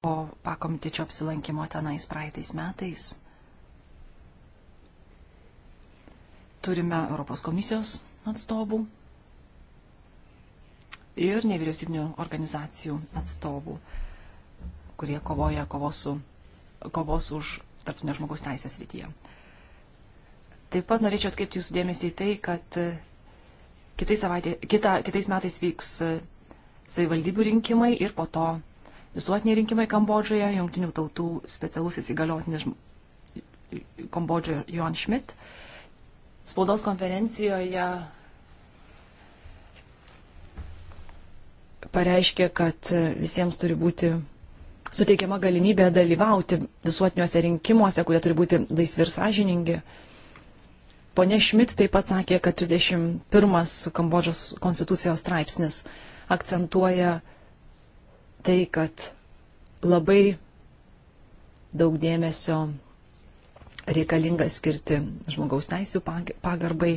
po pakomitičio apsilankimo tenais praeitais metais. Turime Europos komisijos atstovų ir nevyriausybinių organizacijų atstovų, kurie kovoja kovos, su, kovos už tarptautinės žmogaus teisės rytyje. Taip pat norėčiau atkreipti jūsų dėmesį į tai, kad e, kitai savaitė, kita, kitais metais vyks e, savivaldybių rinkimai ir po to visuotiniai rinkimai Kambodžoje, jungtinių tautų specialusis įgaliotinis Kambodžoje Jon Schmidt. Spaudos konferencijoje pareiškė, kad visiems turi būti suteikiama galimybė dalyvauti visuotiniuose rinkimuose, kurie turi būti laisvi ir sąžiningi. Pone Šmit taip pat sakė, kad 31 Kambodžos konstitucijos straipsnis akcentuoja tai, kad labai daug dėmesio reikalinga skirti žmogaus teisų pagarbai,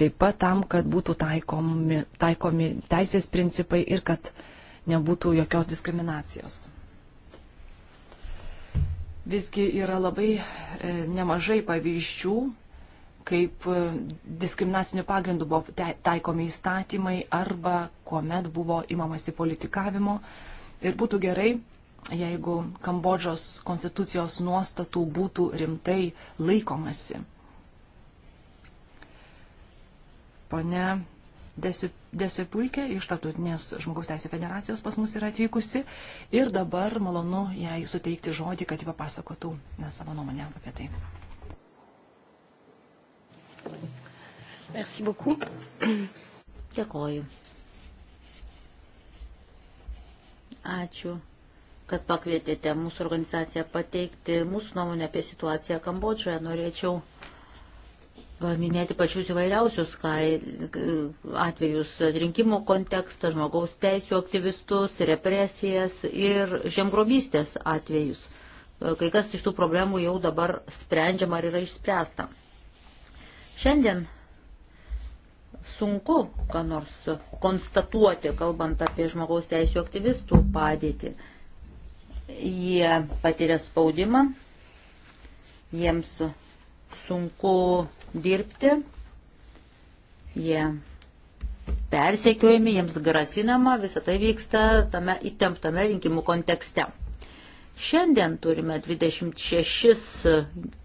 taip pat tam, kad būtų taikomi, taikomi teisės principai ir kad nebūtų jokios diskriminacijos. Visgi yra labai e, nemažai pavyzdžių, kaip e, diskriminacinių pagrindų buvo taikomi įstatymai arba kuomet buvo imamasi politikavimo. Uh, Ir būtų gerai, jeigu Kambodžos konstitucijos nuostatų būtų rimtai laikomasi. Pane Desipulkė iš Tartutinės žmogaus teisų federacijos pas mus yra atvykusi ir dabar malonu jai suteikti žodį, kad ji papasakotų savo nuomonę apie tai. Merci beaucoup. Dėkoju. Ačiū, kad pakvietėte mūsų organizaciją pateikti mūsų nuomonę apie situaciją Kambodžoje. Norėčiau minėti pačius įvairiausius kai, atvejus - rinkimų kontekstą, žmogaus teisų aktyvistus, represijas ir žemgrobystės atvejus. Kai kas iš tų problemų jau dabar sprendžiama ar yra išspręsta. Šiandien sunku, ką nors konstatuoti, kalbant apie žmogaus teisų aktyvistų padėtį. Jie patiria spaudimą, jiems sunku dirbti, jie persekiojami, jiems grasinama, visa tai vyksta tame įtemptame rinkimų kontekste. Šiandien turime 26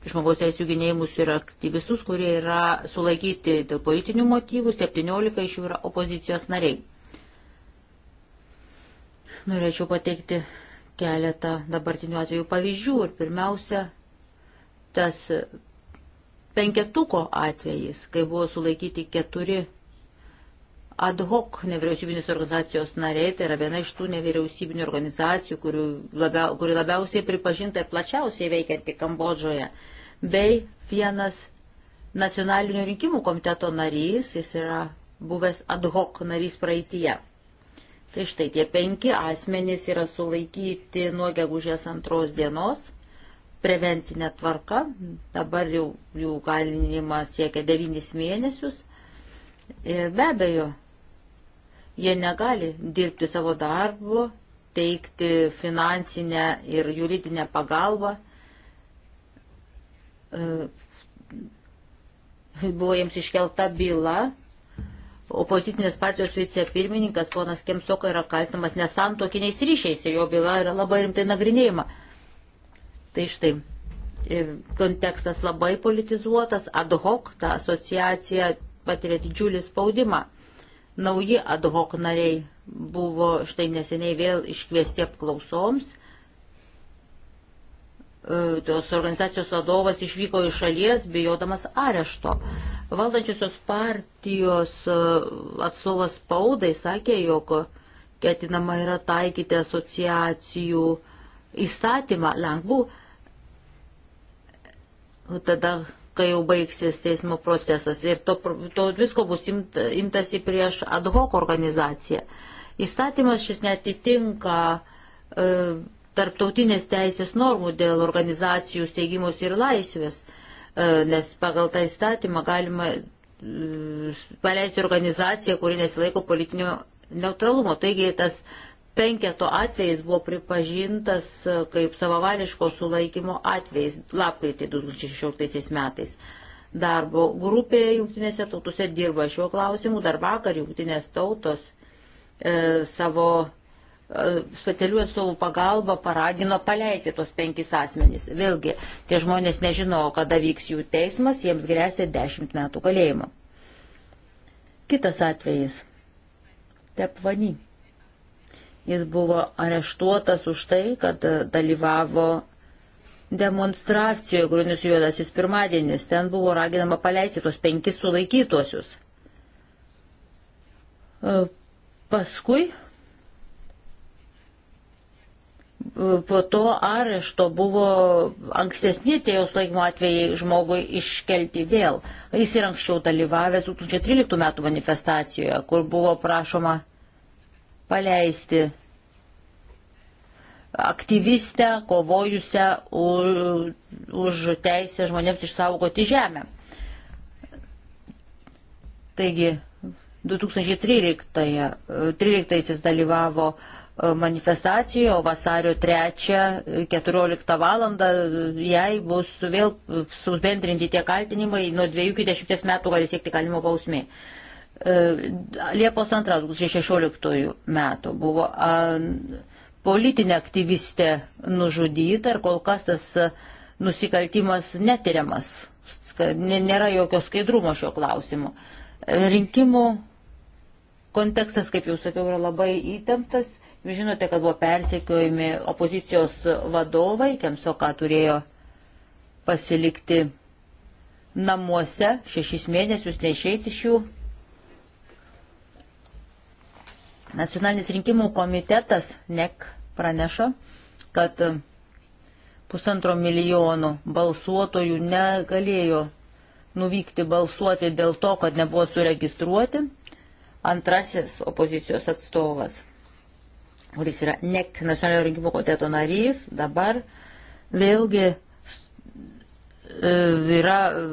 žmogaus teisų gynėjimus ir aktyvistus, kurie yra sulaikyti dėl politinių motyvų, 17 iš jų yra opozicijos nariai. Norėčiau pateikti keletą dabartinių atvejų pavyzdžių ir pirmiausia, tas penketuko atvejis, kai buvo sulaikyti keturi ad hoc nevyriausybinės organizacijos nariai, tai yra viena iš tų nevyriausybinių organizacijų, kuri, labia, kuri labiausiai pripažinta ir plačiausiai veikianti Kambodžoje, bei vienas nacionalinio rinkimų komiteto narys, jis yra buvęs ad hoc narys praeitie. Tai štai tie penki asmenys yra sulaikyti nuo gegužės antros dienos prevencinė tvarka, dabar jau jų galinimas siekia devynis mėnesius ir be abejo Jie negali dirbti savo darbo, teikti finansinę ir juridinę pagalbą. E, buvo jiems iškelta byla. Opozicinės partijos vicepirmininkas ponas Kemsoka yra kaltinamas nesantokiniais ryšiais ir jo byla yra labai rimtai nagrinėjama. Tai štai e, kontekstas labai politizuotas, ad hoc ta asociacija patiria didžiulį spaudimą. Nauji ad hoc nariai buvo štai neseniai vėl iškviesti apklausoms. E, tos organizacijos vadovas išvyko iš šalies, bijodamas arešto. Valdančiosios partijos e, atstovas spaudai sakė, jog ketinama yra taikyti asociacijų įstatymą lengvų. Tada kai jau baigsis teismo procesas. Ir to, to visko bus imt, imtasi prieš ad hoc organizaciją. Įstatymas šis netitinka e, tarptautinės teisės normų dėl organizacijų steigimus ir laisvės, e, nes pagal tą įstatymą galima e, paleisti organizaciją, kuri nesilaiko politinio neutralumo. Taigi tas e, penketo atvejais buvo pripažintas e, kaip savavališko sulaikymo atvejais lapkaitį 2016 metais. Darbo grupė jungtinėse tautose dirba šiuo klausimu. Dar vakar jungtinės tautos e, savo e, specialių atstovų pagalba paragino paleisti tos penkis asmenys. Vėlgi, tie žmonės nežino, kada vyks jų teismas, jiems grėsia dešimt metų kalėjimo. Kitas atvejis. Tepvani. Jis buvo areštuotas už tai, kad e, dalyvavo demonstracijoje, kuriuo nusijuodasis pirmadienis. Ten buvo raginama paleisti tuos penkis sulaikytuosius. E, paskui e, po to arešto buvo ankstesni tie jos laikymo atvejai žmogui iškelti vėl. Jis ir anksčiau dalyvavęs 2013 metų manifestacijoje, kur buvo prašoma paleisti aktyvistę, kovojusią už, už teisę žmonėms išsaugoti žemę. Taigi 2013 dalyvavo e, manifestacijoje, o vasario 3-14 val. jai bus vėl subendrinti tie kaltinimai nuo 2 iki 10 metų gali siekti kalimo bausmė. Uh, E, Liepos 2 2016 metų buvo politinė aktyvistė nužudyta ir kol kas tas e, nusikaltimas netiriamas. Nėra jokio skaidrumo šio klausimu. E, rinkimų kontekstas, kaip jau sakiau, yra labai įtemptas. Jūs žinote, kad buvo persekiojami opozicijos vadovai, Kemsoka turėjo pasilikti namuose šešis mėnesius, neišeiti iš jų Nacionalinis rinkimų komitetas NEC praneša, kad pusantro milijono balsuotojų negalėjo nuvykti balsuoti dėl to, kad nebuvo suregistruoti. Antrasis opozicijos atstovas, kuris yra NEC nacionalinio rinkimų komiteto narys, dabar vėlgi e, yra e,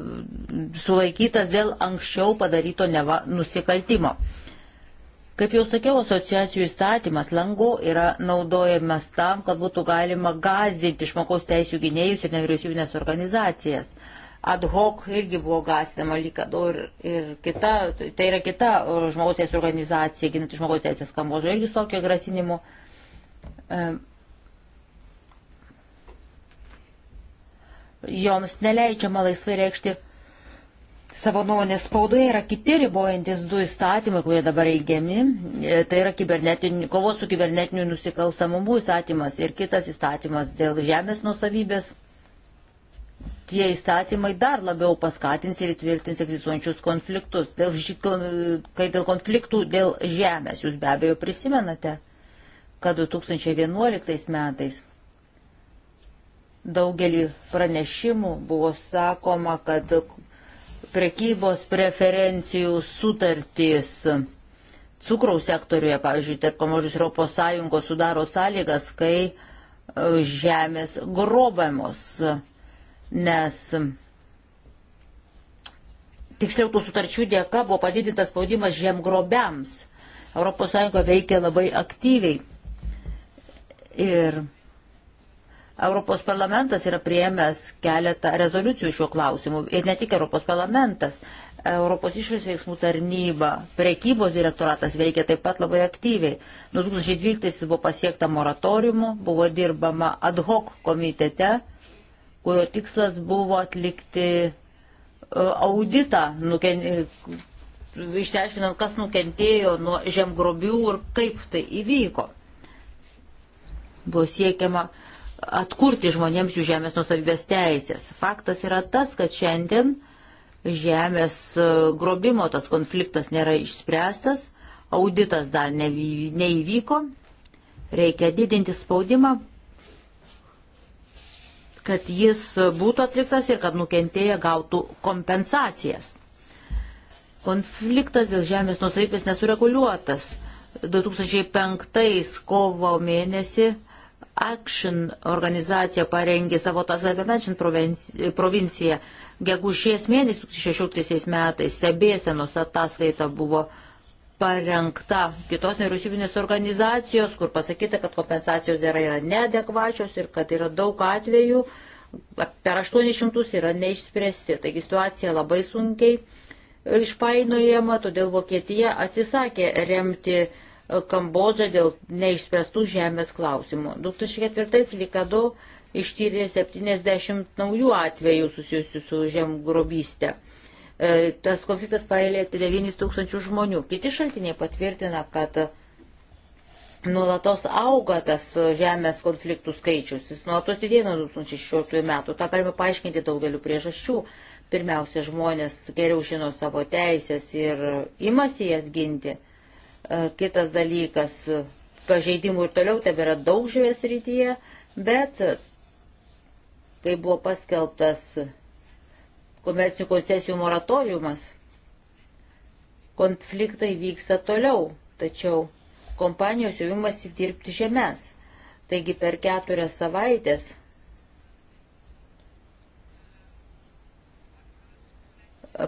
sulaikytas dėl anksčiau padaryto neva nusikaltimo. Kaip jau sakiau, asociacijų įstatymas langų yra naudojamas tam, kad būtų galima gazdinti žmogaus teisų gynėjus ir nevyriausybinės organizacijas. Ad hoc irgi buvo gazdinama lygado ir, ir kita, tai yra kita žmogaus teisų organizacija, ginanti žmogaus teisės kambožo, irgi tokia grasinimu. Um, joms neleidžiama laisvai reikšti savo nuomonės spaudoje yra kiti ribojantis du įstatymai, kurie dabar įgiami. E, tai yra kovos su kibernetiniu nusikalstamumu įstatymas ir kitas įstatymas dėl žemės nusavybės. Tie įstatymai dar labiau paskatins ir įtvirtins egzistuojančius konfliktus. Dėl, kai dėl konfliktų dėl žemės jūs be abejo prisimenate, kad 2011 metais daugelį pranešimų buvo sakoma, kad prekybos preferencijų sutartys cukraus sektoriuje, pavyzdžiui, tarp pamažus Europos Sąjungos sudaro sąlygas, kai e, žemės grobamos, nes tiksliau tų sutarčių dėka buvo padidintas spaudimas žemgrobiams. Europos Sąjunga veikia labai aktyviai. Ir Europos parlamentas yra priėmęs keletą rezoliucijų šiuo klausimu. Ir ne tik Europos parlamentas, Europos išorės veiksmų tarnyba, prekybos direktoratas veikia taip pat labai aktyviai. 2012 buvo pasiekta moratoriumu, buvo dirbama ad hoc komitete, kurio tikslas buvo atlikti e, auditą, nuken... išteiškinant, kas nukentėjo nuo žemgrobių ir kaip tai įvyko. Buvo siekiama atkurti žmonėms jų žemės nusavybės teisės. Faktas yra tas, kad šiandien žemės e, grobimo tas konfliktas nėra išspręstas, auditas dar neįvyko, reikia didinti spaudimą, kad jis būtų atliktas ir kad nukentėję gautų kompensacijas. Konfliktas dėl žemės nusaipės nesureguliuotas. 2005 kovo mėnesį Action organizacija parengė savo tas apie Menšin provinciją. Gegužės mėnesį 2016 metais stebėsenos ataskaita buvo parengta kitos nevyriausybinės organizacijos, kur pasakyta, kad kompensacijos yra, yra neadekvačios ir kad yra daug atvejų, per 800 yra neišspręsti. Taigi situacija labai sunkiai išpainojama, todėl Vokietija atsisakė remti uh, Kambodžą dėl neišspręstų žemės klausimų. 2004 Likado ištyrė 70 naujų atvejų susijusių su žemgrobystė. E, tas konfliktas paėlė 9 tūkstančių žmonių. Kiti šaltiniai patvirtina, kad nuolatos auga tas žemės konfliktų skaičius. Jis nuolatos didėjo nuo 2016 metų. Ta galime paaiškinti daugeliu priežasčių. Pirmiausia, žmonės geriau žino savo teisės ir imasi jas ginti. E, kitas dalykas, pažeidimų ir toliau tebėra daug žvės rytyje, bet kai buvo paskelbtas komercinių koncesijų moratoriumas, konfliktai vyksta toliau, tačiau kompanijos jau imasi dirbti žemės. Taigi per keturias savaitės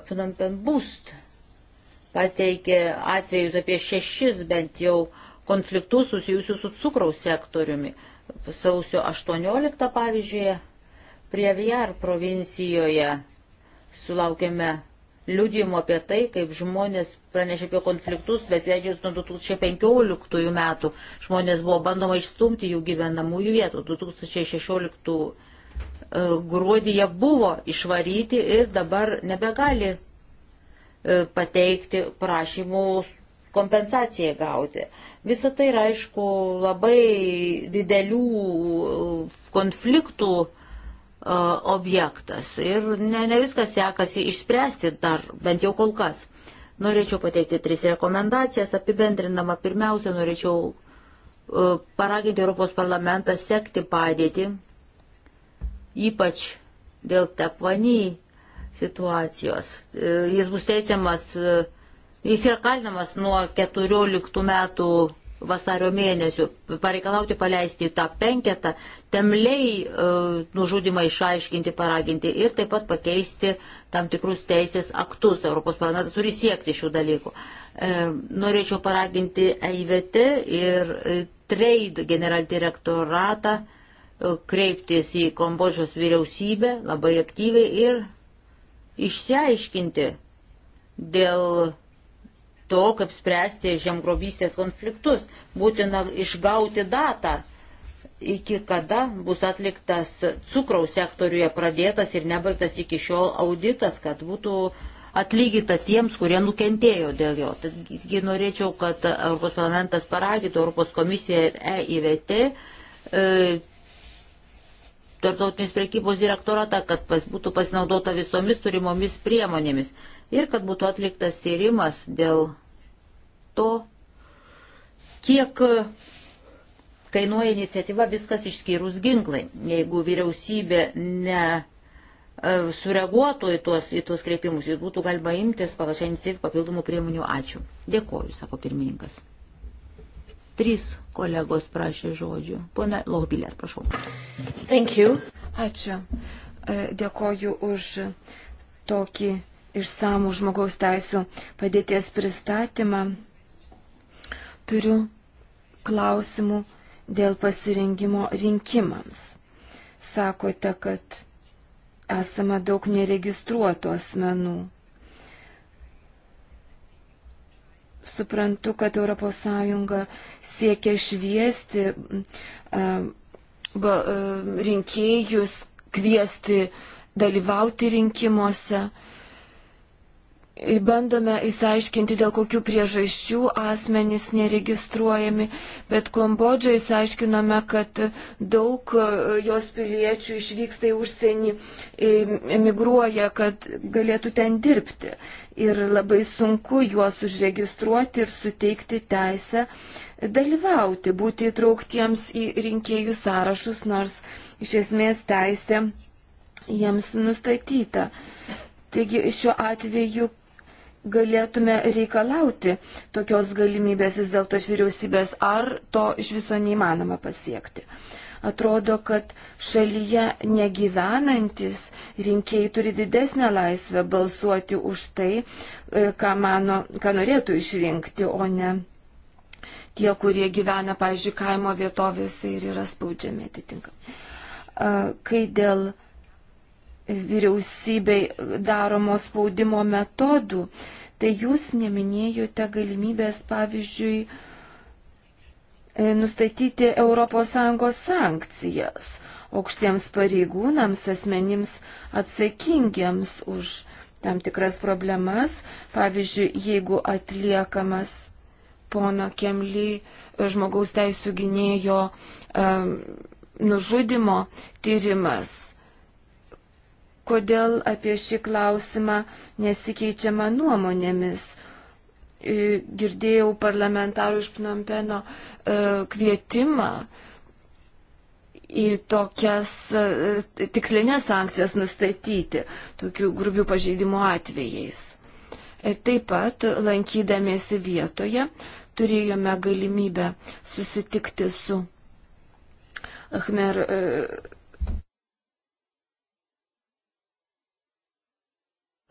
apnampent būst pateikė atvejus apie šešis bent jau konfliktus susijusius su cukraus sektoriumi. Sausio 18, pavyzdžiui, prie Viar provincijoje sulaukėme liudijimo apie tai, kaip žmonės pranešė apie konfliktus, besileidžius nuo 2015 metų. Žmonės buvo bandoma išstumti jų gyvenamųjų vietų. 2016 e, gruodį jie buvo išvaryti ir dabar nebegali E, pateikti prašymų kompensacijai gauti. Visą tai yra, aišku, labai didelių e, konfliktų e, objektas ir ne, ne viskas sekasi išspręsti dar, bent jau kol kas. Norėčiau pateikti tris rekomendacijas, apibendrinama pirmiausia, norėčiau paraginti Europos parlamentą sekti padėtį, ypač dėl tepanį situacijos. E, jis bus teisiamas, e, jis yra kalinamas nuo 14 metų vasario mėnesių, pareikalauti paleisti tą penketą, temliai e, nužudimą išaiškinti, paraginti ir taip pat pakeisti tam tikrus teisės aktus. Europos parlamentas turi siekti šių dalykų. E, norėčiau paraginti EIVT ir e, Trade generalinį direktoratą e, kreiptis į Kambodžos vyriausybę labai aktyviai ir išsiaiškinti dėl to, kaip spręsti žemgrobystės konfliktus. Būtina išgauti datą, iki kada bus atliktas cukraus sektoriuje pradėtas ir nebaigtas iki šiol auditas, kad būtų atlygita tiems, kurie nukentėjo dėl jo. Taigi norėčiau, kad Europos parlamentas paragytų Europos komisiją ir EIVT e, tarptautinės prekybos direktoratą, kad pas, būtų pasinaudota visomis turimomis priemonėmis ir kad būtų atliktas tyrimas dėl to, kiek kainuoja iniciatyva viskas išskyrus ginklai. Jeigu vyriausybė ne e, sureaguotų į tuos, į tuos kreipimus, jis būtų galima imtis pavašinti papildomų priemonių. Ačiū. Dėkoju, sako pirmininkas. Trys kolegos prašė žodžių. Pone Laubiler, prašau. Thank you. Ačiū. E, dėkoju už tokį išsamų žmogaus teisų padėties pristatymą. Turiu klausimų dėl pasirengimo rinkimams. Sakote, kad esame daug neregistruotų asmenų. suprantu, kad ES siekia šviesti rinkėjus, kviesti dalyvauti rinkimuose. Uh, Bandome įsiaiškinti, dėl kokių priežasčių asmenys neregistruojami, bet Kambodžoje įsiaiškinome, kad daug e, jos piliečių išvyksta į užsienį, emigruoja, kad galėtų ten dirbti. Ir labai sunku juos užregistruoti ir suteikti teisę dalyvauti, būti įtrauktiems į rinkėjų sąrašus, nors iš esmės teisė jiems nustatyta. Taigi šiuo atveju galėtume reikalauti tokios galimybės vis dėlto iš vyriausybės, ar to iš viso neįmanoma pasiekti. Atrodo, kad šalyje negyvenantis rinkėjai turi didesnę laisvę balsuoti už tai, e, ką, mano, ką norėtų išrinkti, o ne tie, kurie gyvena, pavyzdžiui, kaimo vietovėse ir yra spaudžiami atitinkamai. E, kai dėl uh, vyriausybei daromo spaudimo metodų, tai jūs neminėjote galimybės, pavyzdžiui, e, nustatyti ES sankcijas aukštiems pareigūnams, asmenims atsakingiams už tam tikras problemas, pavyzdžiui, jeigu atliekamas pono Kemly e, žmogaus teisų gynėjo um, nužudimo tyrimas kodėl apie šį klausimą nesikeičiama nuomonėmis. E, girdėjau parlamentarų iš Pnompeno e, kvietimą į tokias e, tikslinės sankcijas nustatyti tokių grubių pažeidimų atvejais. Taip pat lankydamėsi vietoje turėjome galimybę susitikti su Ahmer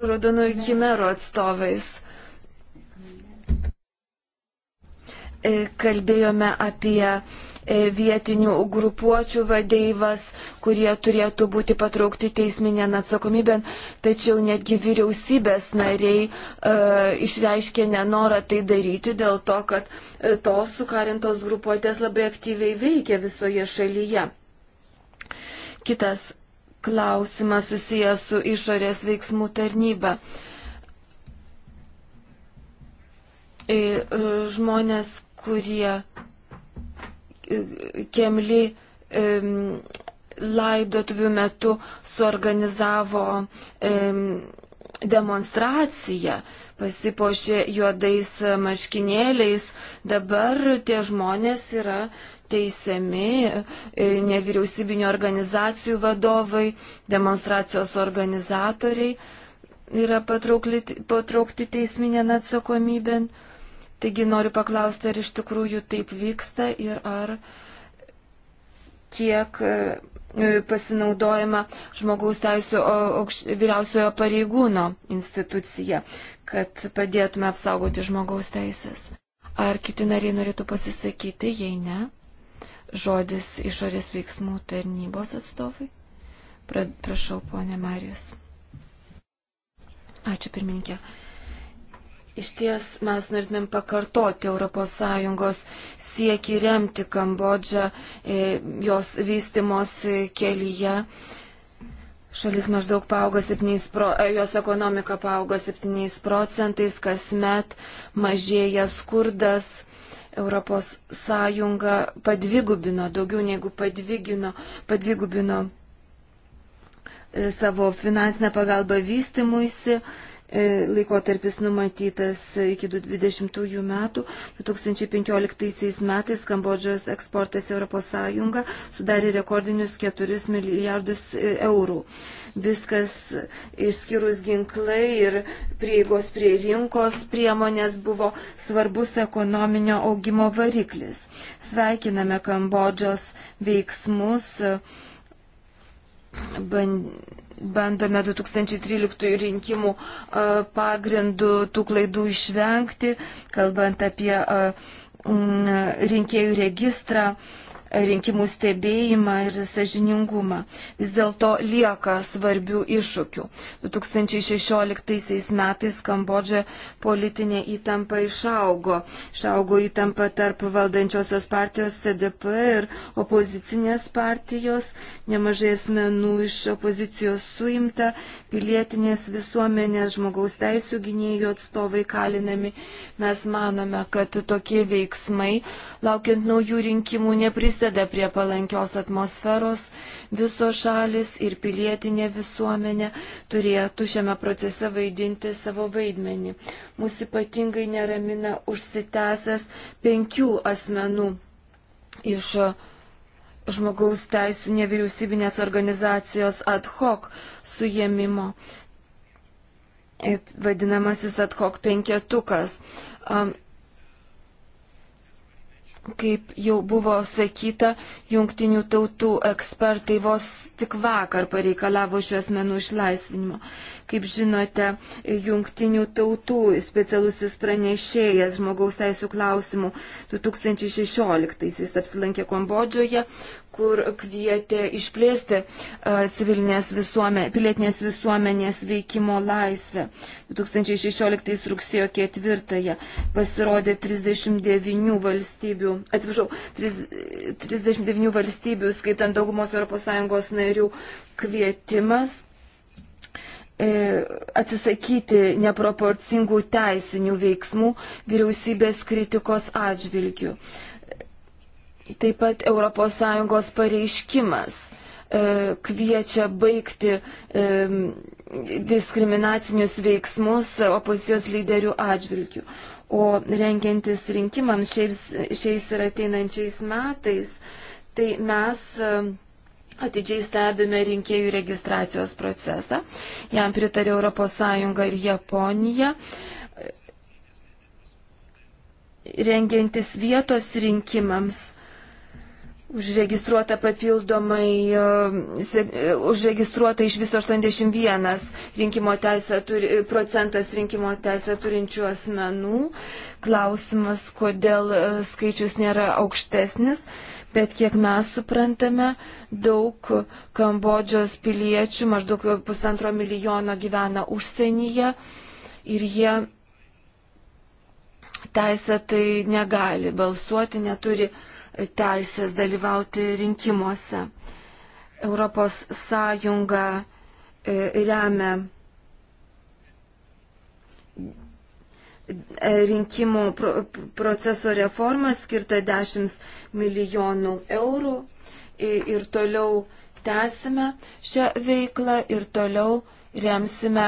raudonųjų chimerų atstovais. E, kalbėjome apie e, vietinių grupuočių vadeivas, kurie turėtų būti patraukti teisminėn atsakomybėn, tačiau netgi vyriausybės nariai e, išreiškė nenorą tai daryti dėl to, kad e, tos sukarintos grupuotės labai aktyviai veikia visoje šalyje. Kitas klausimą susijęs su išorės veiksmų tarnyba. E, e, žmonės, kurie e, Kemli laidotuvių metu suorganizavo demonstraciją, pasipošė juodais marškinėliais, dabar tie žmonės yra teisiami e, nevyriausybinio organizacijų vadovai, demonstracijos organizatoriai yra patraukli, patraukti teisminėn atsakomybėn. Taigi noriu paklausti, ar iš tikrųjų taip vyksta ir ar kiek e, e, pasinaudojama žmogaus teisų vyriausiojo pareigūno institucija, kad padėtume apsaugoti žmogaus teisės. Ar kiti nariai norėtų pasisakyti, jei ne? žodis išorės veiksmų tarnybos atstovui. Pra, prašau, ponė Marijus. Ačiū, pirmininkė. Iš ties mes norėtumėm pakartoti ES siekį remti Kambodžą e, jos vystimos kelyje. Šalis maždaug paaugo 7 pro, e, jos ekonomika paaugo 7 procentais, kasmet mažėja skurdas Europos Sąjunga padvigubino, daugiau negu padvigino, padvigubino e, savo finansinę pagalbą vystimuisi E, laikotarpis numatytas iki 2020 metų. 2015 metais Kambodžos eksportas ES sudarė rekordinius 4 milijardus e, eurų. Viskas išskyrus ginklai ir prieigos prie rinkos priemonės buvo svarbus ekonominio augimo variklis. Sveikiname Kambodžos veiksmus. Uh, bandome 2013 rinkimų pagrindų tų klaidų išvengti, kalbant apie rinkėjų registrą rinkimų stebėjimą ir sažiningumą. Vis dėlto lieka svarbių iššūkių. 2016 metais Kambodža politinė įtampa išaugo. Išaugo įtampa tarp valdančiosios partijos CDP ir opozicinės partijos. Nemažai asmenų iš opozicijos suimta, pilietinės visuomenės žmogaus teisų gynėjų atstovai kalinami. Mes manome, kad tokie veiksmai, laukiant naujų rinkimų, nepristatyti prisideda prie palankios atmosferos, visos šalis ir pilietinė visuomenė turėtų šiame procese vaidinti savo vaidmenį. Mūsų ypatingai neramina užsitęsęs penkių asmenų iš žmogaus teisų nevyriausybinės organizacijos ad hoc suėmimo. Vadinamasis ad hoc penketukas. Um, kaip jau buvo sakyta, jungtinių tautų ekspertai vos tik vakar pareikalavo šių asmenų išlaisvinimo. Kaip žinote, jungtinių tautų specialusis pranešėjas žmogaus teisų klausimų 2016-aisiais apsilankė Kambodžoje, kur kvietė išplėsti civilinės visuomenės, pilietinės visuomenės veikimo laisvę. 2016 rugsėjo 4 pasirodė 39 valstybių, atsiprašau, 39 valstybių, skaitant daugumos ES narių kvietimas e, atsisakyti neproporcingų teisinių veiksmų vyriausybės kritikos atžvilgių. Taip pat ES pareiškimas e, kviečia baigti e, diskriminacinius veiksmus opozicijos lyderių atžvilgių. O renkiantis rinkimams šiais, šiais ir ateinančiais metais, tai mes e, atidžiai stebime rinkėjų registracijos procesą. Jam pritarė ES ir Japonija. Rengiantis vietos rinkimams Užregistruota papildomai, e, e, užregistruota iš viso 81 rinkimo teisę, turi, e, procentas rinkimo teisę turinčių asmenų. Klausimas, kodėl skaičius nėra aukštesnis, bet kiek mes suprantame, daug Kambodžos piliečių, maždaug pusantro milijono gyvena užsienyje ir jie teisę tai negali balsuoti, neturi teisės dalyvauti rinkimuose. Europos Sąjunga e, remia e, rinkimų proceso reformą skirtą 10 milijonų eurų ir toliau tęsime šią veiklą ir toliau remsime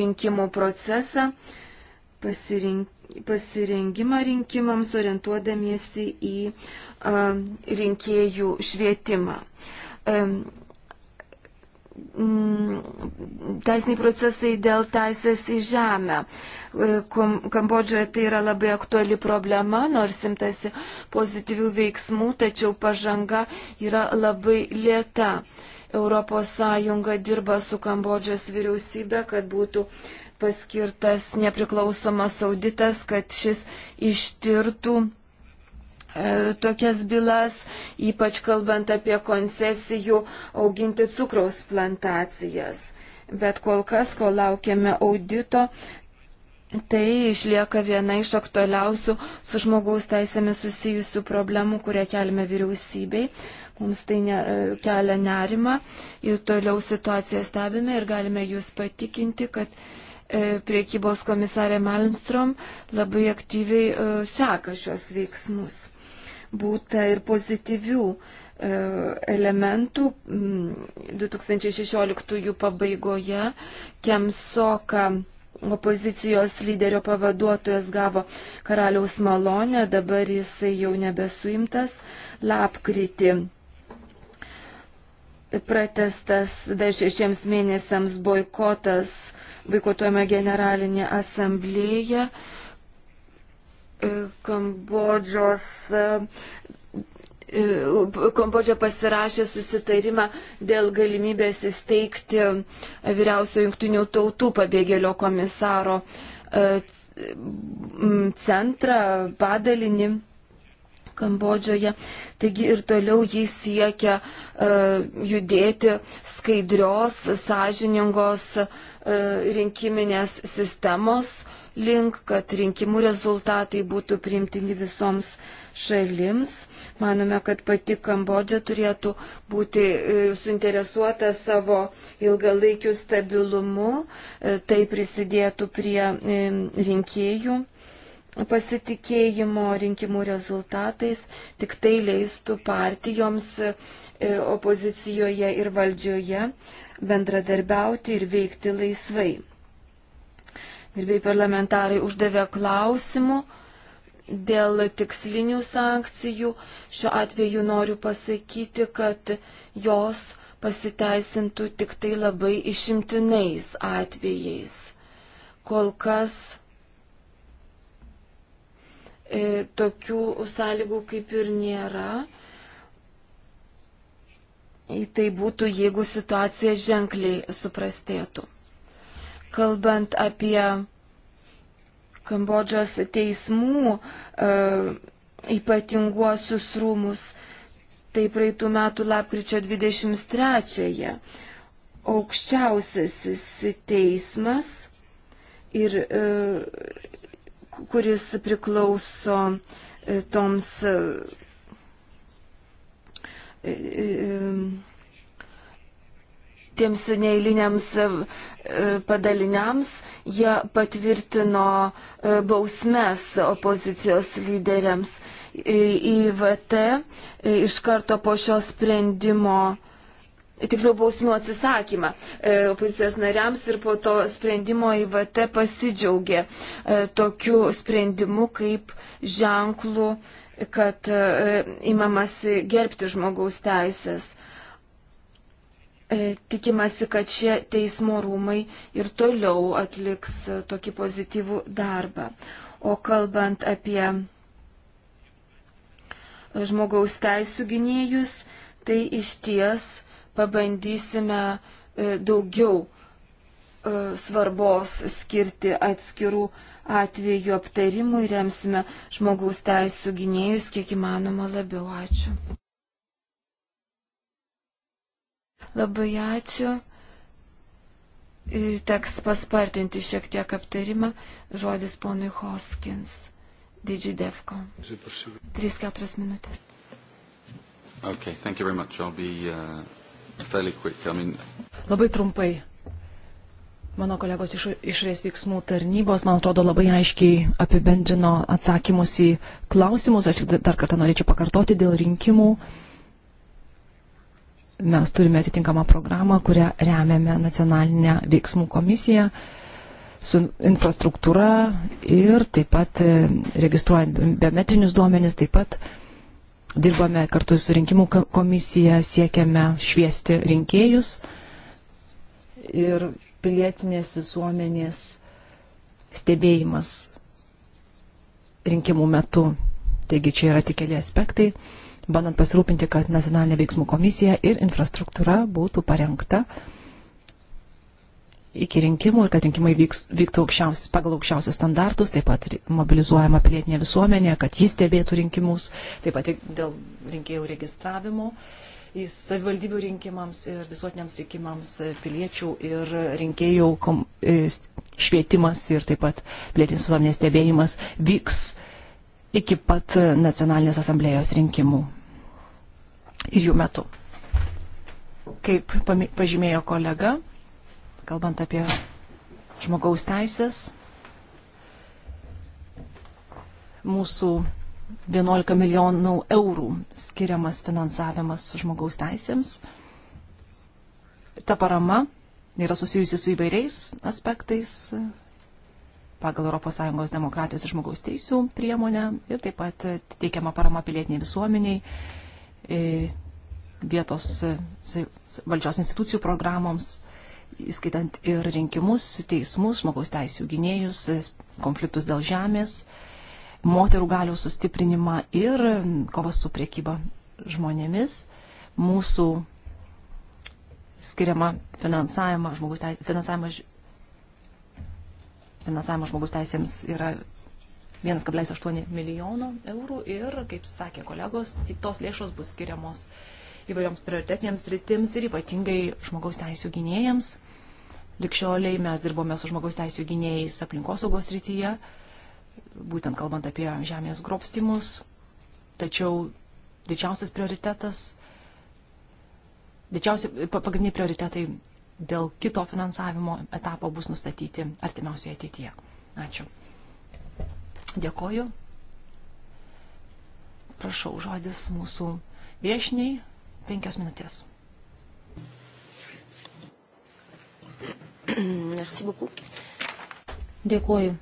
rinkimų procesą, pasirink, pasirengimą rinkimams orientuodamiesi į rinkėjų švietimą. Teisiniai procesai dėl teisės į žemę. E, Kambodžoje tai yra labai aktuali problema, nors imtasi pozityvių veiksmų, tačiau pažanga yra labai lėta. ES dirba su Kambodžos vyriausybė, kad būtų uh, paskirtas nepriklausomas auditas, kad šis ištirtų e, tokias bylas, ypač kalbant apie koncesijų auginti cukraus plantacijas. Bet kol kas, kol laukiame audito, Tai išlieka viena iš aktualiausių su žmogaus teisėmis susijusių problemų, kurią kelime vyriausybei. Mums tai ne, e, kelia nerima ir toliau situaciją stebime ir galime jūs patikinti, kad E, priekybos komisarė Malmstrom labai aktyviai e, seka šios veiksmus. Būta ir pozityvių e, elementų 2016 pabaigoje Kemsoka opozicijos lyderio pavaduotojas gavo karaliaus malonę, dabar jisai jau nebesuimtas, lapkritį pratestas dar šešiems mėnesiams boikotas boikotuojame generalinę asamblėją e, Kambodžos. E, e, Kambodža pasirašė susitarimą dėl galimybės įsteigti vyriausio jungtinių tautų pabėgėlio komisaro centrą, padalinį Kambodžoje. Taigi ir toliau jis siekia uh, judėti skaidrios, sąžiningos uh, rinkiminės sistemos link, kad rinkimų rezultatai būtų priimtini visoms šalims. Manome, kad pati Kambodža turėtų būti e, suinteresuota savo ilgalaikiu stabilumu, tai prisidėtų prie rinkėjų pasitikėjimo rinkimų rezultatais tik tai leistų partijoms e, opozicijoje ir valdžioje bendradarbiauti ir veikti laisvai. Gerbiai parlamentarai uždavė klausimų dėl tikslinių sankcijų. Šiuo atveju noriu pasakyti, kad jos pasiteisintų tik tai labai išimtinais atvejais. Kol kas E, tokių sąlygų kaip ir nėra. Tai būtų, jeigu situacija ženkliai suprastėtų. Kalbant apie Kambodžos teismų e, ypatinguosius rūmus, tai praeitų metų lapkričio 23-ąją aukščiausiasis teismas ir e, kuris priklauso e, toms e, e, tiems neįliniams padaliniams, jie patvirtino bausmes opozicijos lyderiams. IVT iš karto po šio sprendimo tiksliau bausmių atsisakymą e, opozicijos nariams ir po to sprendimo IVT pasidžiaugė e, tokiu sprendimu kaip ženklu, kad įmamasi e, gerbti žmogaus teisės. Tikimasi, kad šie teismo rūmai ir toliau atliks tokį pozityvų darbą. O kalbant apie žmogaus teisų gynėjus, tai iš ties pabandysime e, daugiau e, svarbos skirti atskirų atvejų aptarimui, remsime žmogaus teisų gynėjus kiek įmanoma labiau. Ačiū. Labai ačiū. E, teks paspartinti šiek tiek aptarimą. Žodis ponui Hoskins. Digidefko. 3-4 minutės. Okay, thank you very much. I'll be uh... Labai trumpai. Mano kolegos iš, išrės veiksmų tarnybos, man atrodo, labai aiškiai apibendrino atsakymus į klausimus. Aš dar kartą norėčiau pakartoti dėl rinkimų. Mes turime atitinkamą programą, kurią remiame nacionalinę veiksmų komisiją su infrastruktūra ir taip pat e, registruojant biometrinius duomenis, taip pat uh, dirbame kartu su rinkimų komisija, siekiame šviesti rinkėjus ir pilietinės visuomenės stebėjimas rinkimų metu. Taigi čia yra tik keli aspektai, bandant pasirūpinti, kad nacionalinė veiksmų komisija ir infrastruktūra būtų parengta iki rinkimų ir kad rinkimai vyks, vyktų aukščiaus, pagal aukščiausius standartus, taip pat mobilizuojama pilietinė visuomenė, kad jis stebėtų rinkimus, taip pat dėl rinkėjų registravimo į savivaldybių rinkimams ir visuotiniams rinkimams piliečių ir rinkėjų kom, e, švietimas ir taip pat pilietinis visuomenės stebėjimas vyks iki pat nacionalinės asamblėjos rinkimų ir jų metu. Kaip pažymėjo kolega, kalbant apie žmogaus teisės. Mūsų 11 milijonų eurų skiriamas finansavimas žmogaus teisėms. Ta parama yra susijusi su įvairiais aspektais pagal ES demokratijos ir žmogaus teisų priemonę ir taip pat teikiama parama pilietiniai visuomeniai, e, vietos e, valdžios institucijų programoms įskaitant ir rinkimus, teismus, žmogaus teisų gynėjus, konfliktus dėl žemės, moterų galių sustiprinimą ir kovas su priekyba žmonėmis. Mūsų skiriama finansavimą žmogus, teisė, finansavimą, finansavimą žmogus teisėms yra 1,8 milijono eurų ir, kaip sakė kolegos, tai tos lėšos bus skiriamos uh, įvairioms prioritetinėms rytims ir ypatingai žmogaus teisų gynėjams. Likščioliai mes dirbome su žmogaus teisų gynėjais aplinkosaugos rytyje, būtent kalbant apie žemės grobstimus. Tačiau didžiausias prioritetas, didžiausi pagrindiniai prioritetai dėl kito finansavimo etapo bus nustatyti artimiausioje ateityje. Ačiū. Dėkoju. Prašau žodis mūsų viešniai, Penkios minutės. Merci beaucoup. Dėkuoju.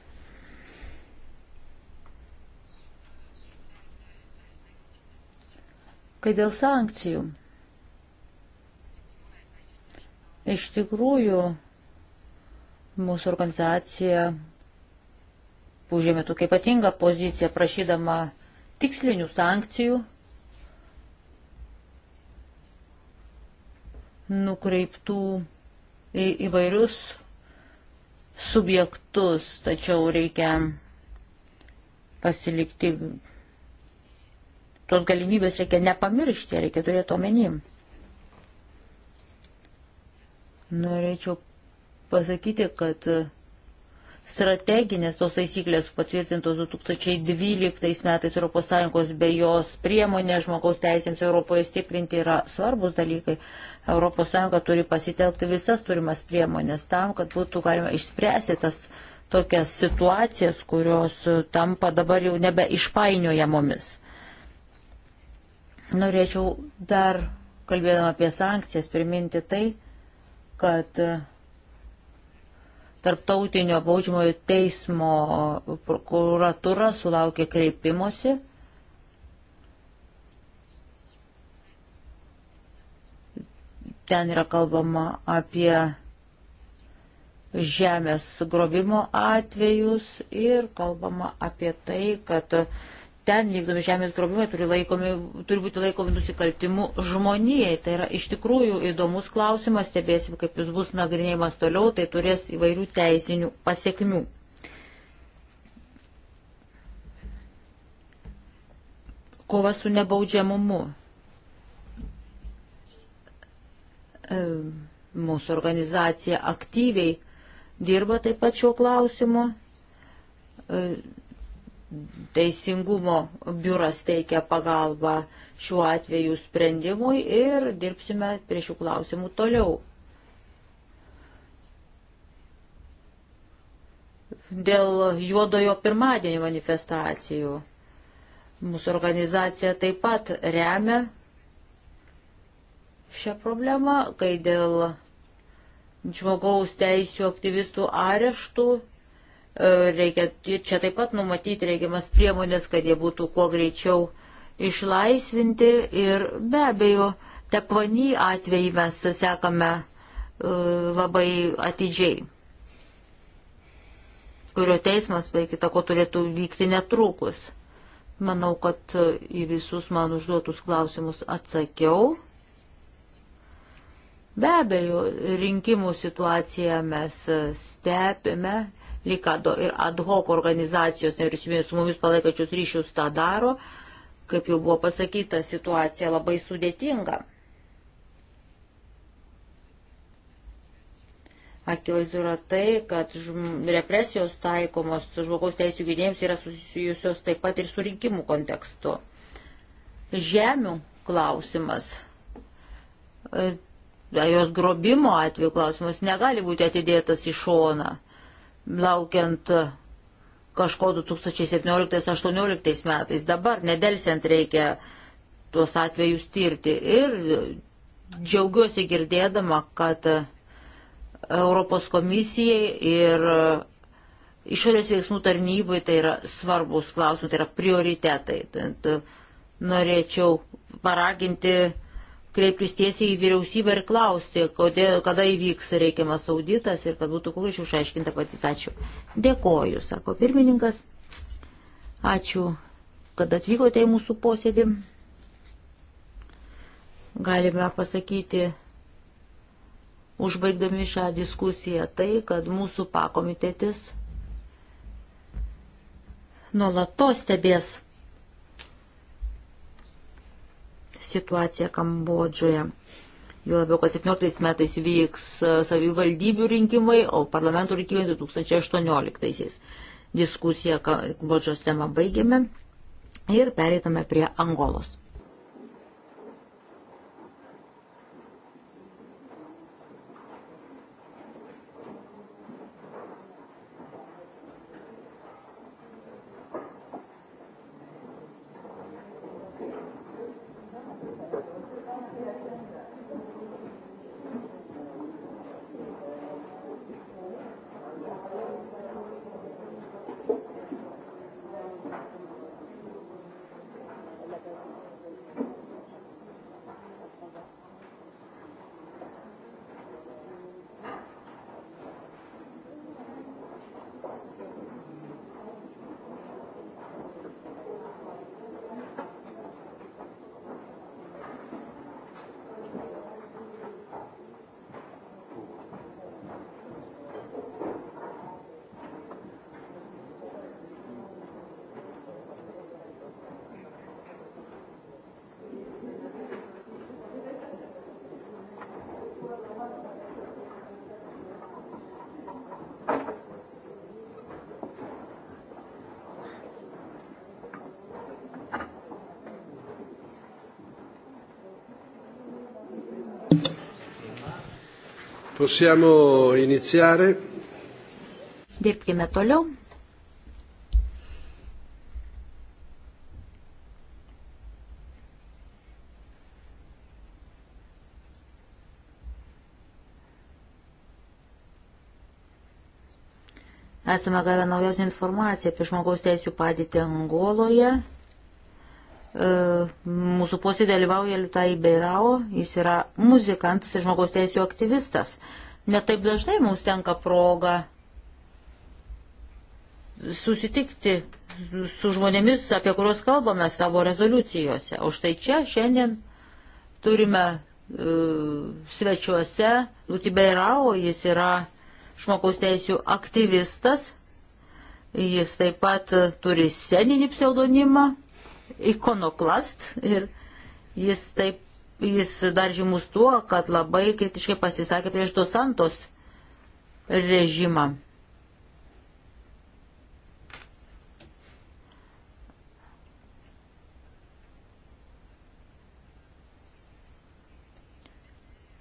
Kai dėl sankcijų. Iš tikrųjų, mūsų organizacija užėmė tokia ypatinga pozicija prašydama tikslinių sankcijų nukreiptų į įvairius subjektus, tačiau reikia pasilikti, tos galimybės reikia nepamiršti, reikia turėti omeny. Norėčiau pasakyti, kad strateginės tos taisyklės patvirtintos 2012 metais ES bei jos priemonė žmogaus teisėms Europoje stiprinti yra svarbus dalykai. ES turi pasitelkti visas turimas priemonės tam, kad būtų galima išspręsti tas tokias situacijas, kurios tampa dabar jau nebeišpainiojamomis. Norėčiau dar, kalbėdama apie sankcijas, priminti tai, kad Tarptautinio baudžiamojo teismo prokuratūra sulaukė kreipimosi. Ten yra kalbama apie žemės grobimo atvejus ir kalbama apie tai, kad uh, ten vykdomi žemės grobimai turi, laikomi, turi būti laikomi nusikaltimu žmonijai. Tai yra iš tikrųjų įdomus klausimas, stebėsim, kaip jis bus nagrinėjimas toliau, tai turės įvairių teisinių pasiekmių. Kova su nebaudžiamumu. E, mūsų organizacija aktyviai dirba taip pat šiuo klausimu e, Teisingumo biuras teikia pagalbą šiuo atveju sprendimui ir dirbsime prie šių klausimų toliau. Dėl juodojo pirmadienį manifestacijų mūsų organizacija taip pat remia šią problemą, kai dėl žmogaus teisų aktyvistų areštų E, reikia čia taip pat numatyti reikiamas priemonės, kad jie būtų kuo greičiau išlaisvinti ir be abejo, tepvanį atvejį mes sekame e, labai atidžiai, kurio teismas, be kita ko, turėtų vykti netrukus. Manau, kad į visus man užduotus klausimus atsakiau. Be abejo, rinkimų situaciją mes stebime, Likado ir ad hoc organizacijos, nevyriausybinės su mumis palaikančius ryšius tą daro. Kaip jau buvo pasakyta, situacija labai sudėtinga. Akivaizdu yra tai, kad represijos taikomos žmogaus teisų gynėjams yra susijusios taip pat ir su rinkimų kontekstu. Žemių klausimas, e, jos grobimo atveju klausimas negali būti atidėtas į šoną laukiant kažko 2017-2018 metais. Dabar nedelsiant reikia tuos atvejus tirti. Ir džiaugiuosi girdėdama, kad Europos komisijai ir išorės veiksmų tarnybai tai yra svarbus klausimai, tai yra prioritetai. Norėčiau paraginti kreiptis tiesiai į vyriausybę ir klausti, kodėl, kada įvyks reikiamas auditas ir kad būtų kuo greičiau išaiškinta patys. Ačiū. Dėkoju, sako pirmininkas. Ačiū, kad atvykote į mūsų posėdį. Galime pasakyti, užbaigdami šią diskusiją, tai, kad mūsų pakomitetis nuolatos stebės situaciją Kambodžoje. Jau labiau, kad 17 metais vyks e, savivaldybių rinkimai, o parlamentų rinkimai 2018-aisiais. Diskusiją Kambodžos temą baigėme ir pereitame prie Angolos. Possiamo iniziare. Dirbkime toliau. Esame gavę naujos informaciją apie žmogaus teisų padėtį Angoloje E, mūsų posėdė dalyvauja Liutai Beirao, jis yra muzikantas ir žmogaus teisų aktyvistas. Netaip dažnai mums tenka proga susitikti su žmonėmis, apie kuriuos kalbame savo rezoliucijose. O štai čia šiandien turime e, svečiuose Lutibeirao, jis yra žmogaus teisų aktyvistas, jis taip pat turi sceninį pseudonimą, ikonoklast ir jis taip, jis dar žymus tuo, kad labai kritiškai pasisakė prieš tos santos režimą.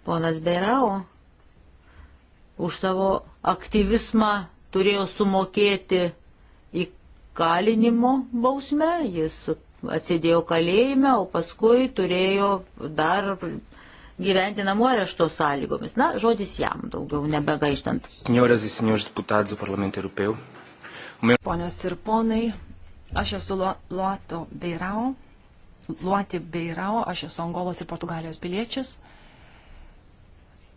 Ponas Beirao už savo aktyvizmą turėjo sumokėti įkalinimo bausmę, jis atsidėjo kalėjime, o paskui turėjo dar gyventi namų arešto sąlygomis. Na, žodis jam daugiau nebegaištant. E Ponios ir ponai, aš esu Luato Beirao, Luati Beirao, aš esu Angolos ir Portugalijos piliečius,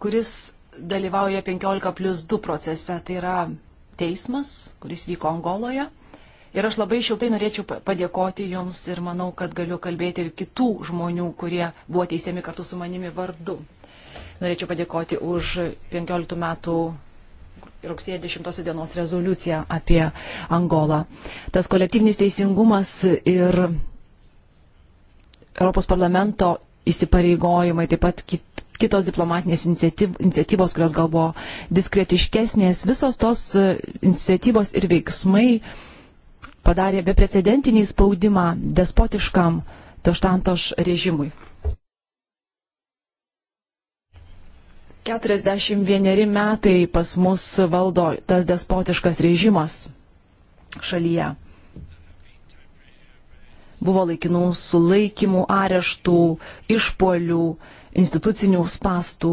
kuris dalyvauja 15 plus 2 procese, tai yra teismas, kuris vyko Angoloje. Ir aš labai šiltai norėčiau padėkoti Jums ir manau, kad galiu kalbėti ir kitų žmonių, kurie buvo teisiami kartu su manimi vardu. Norėčiau padėkoti už 15 metų rugsėjo 10 dienos rezoliuciją apie Angolą. Tas kolektyvinis teisingumas ir Europos parlamento įsipareigojimai, taip pat kitos diplomatinės iniciatyvos, kurios gal buvo diskretiškesnės, visos tos iniciatyvos ir veiksmai padarė beprecedentinį spaudimą despotiškam Toštantoš režimui. 41 metai pas mus valdo tas despotiškas režimas šalyje. Buvo laikinų sulaikymų, areštų, išpolių, institucinių spastų,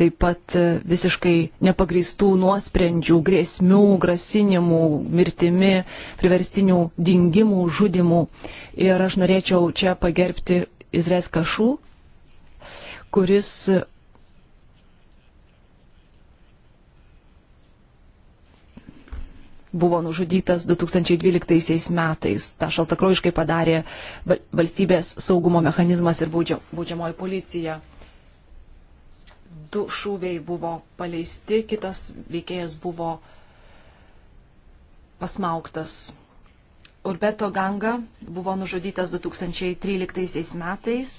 taip pat e, visiškai nepagristų nuosprendžių, grėsmių, grasinimų, mirtimi, priverstinių dingimų, žudimų. Ir aš norėčiau čia pagerbti Izraels Kašų, kuris e, buvo nužudytas 2012 metais. Ta šaltakrojiškai padarė valstybės saugumo mechanizmas ir baudžiamoji policija du šūviai buvo paleisti, kitas veikėjas buvo pasmauktas. Urbeto Ganga buvo nužudytas 2013 metais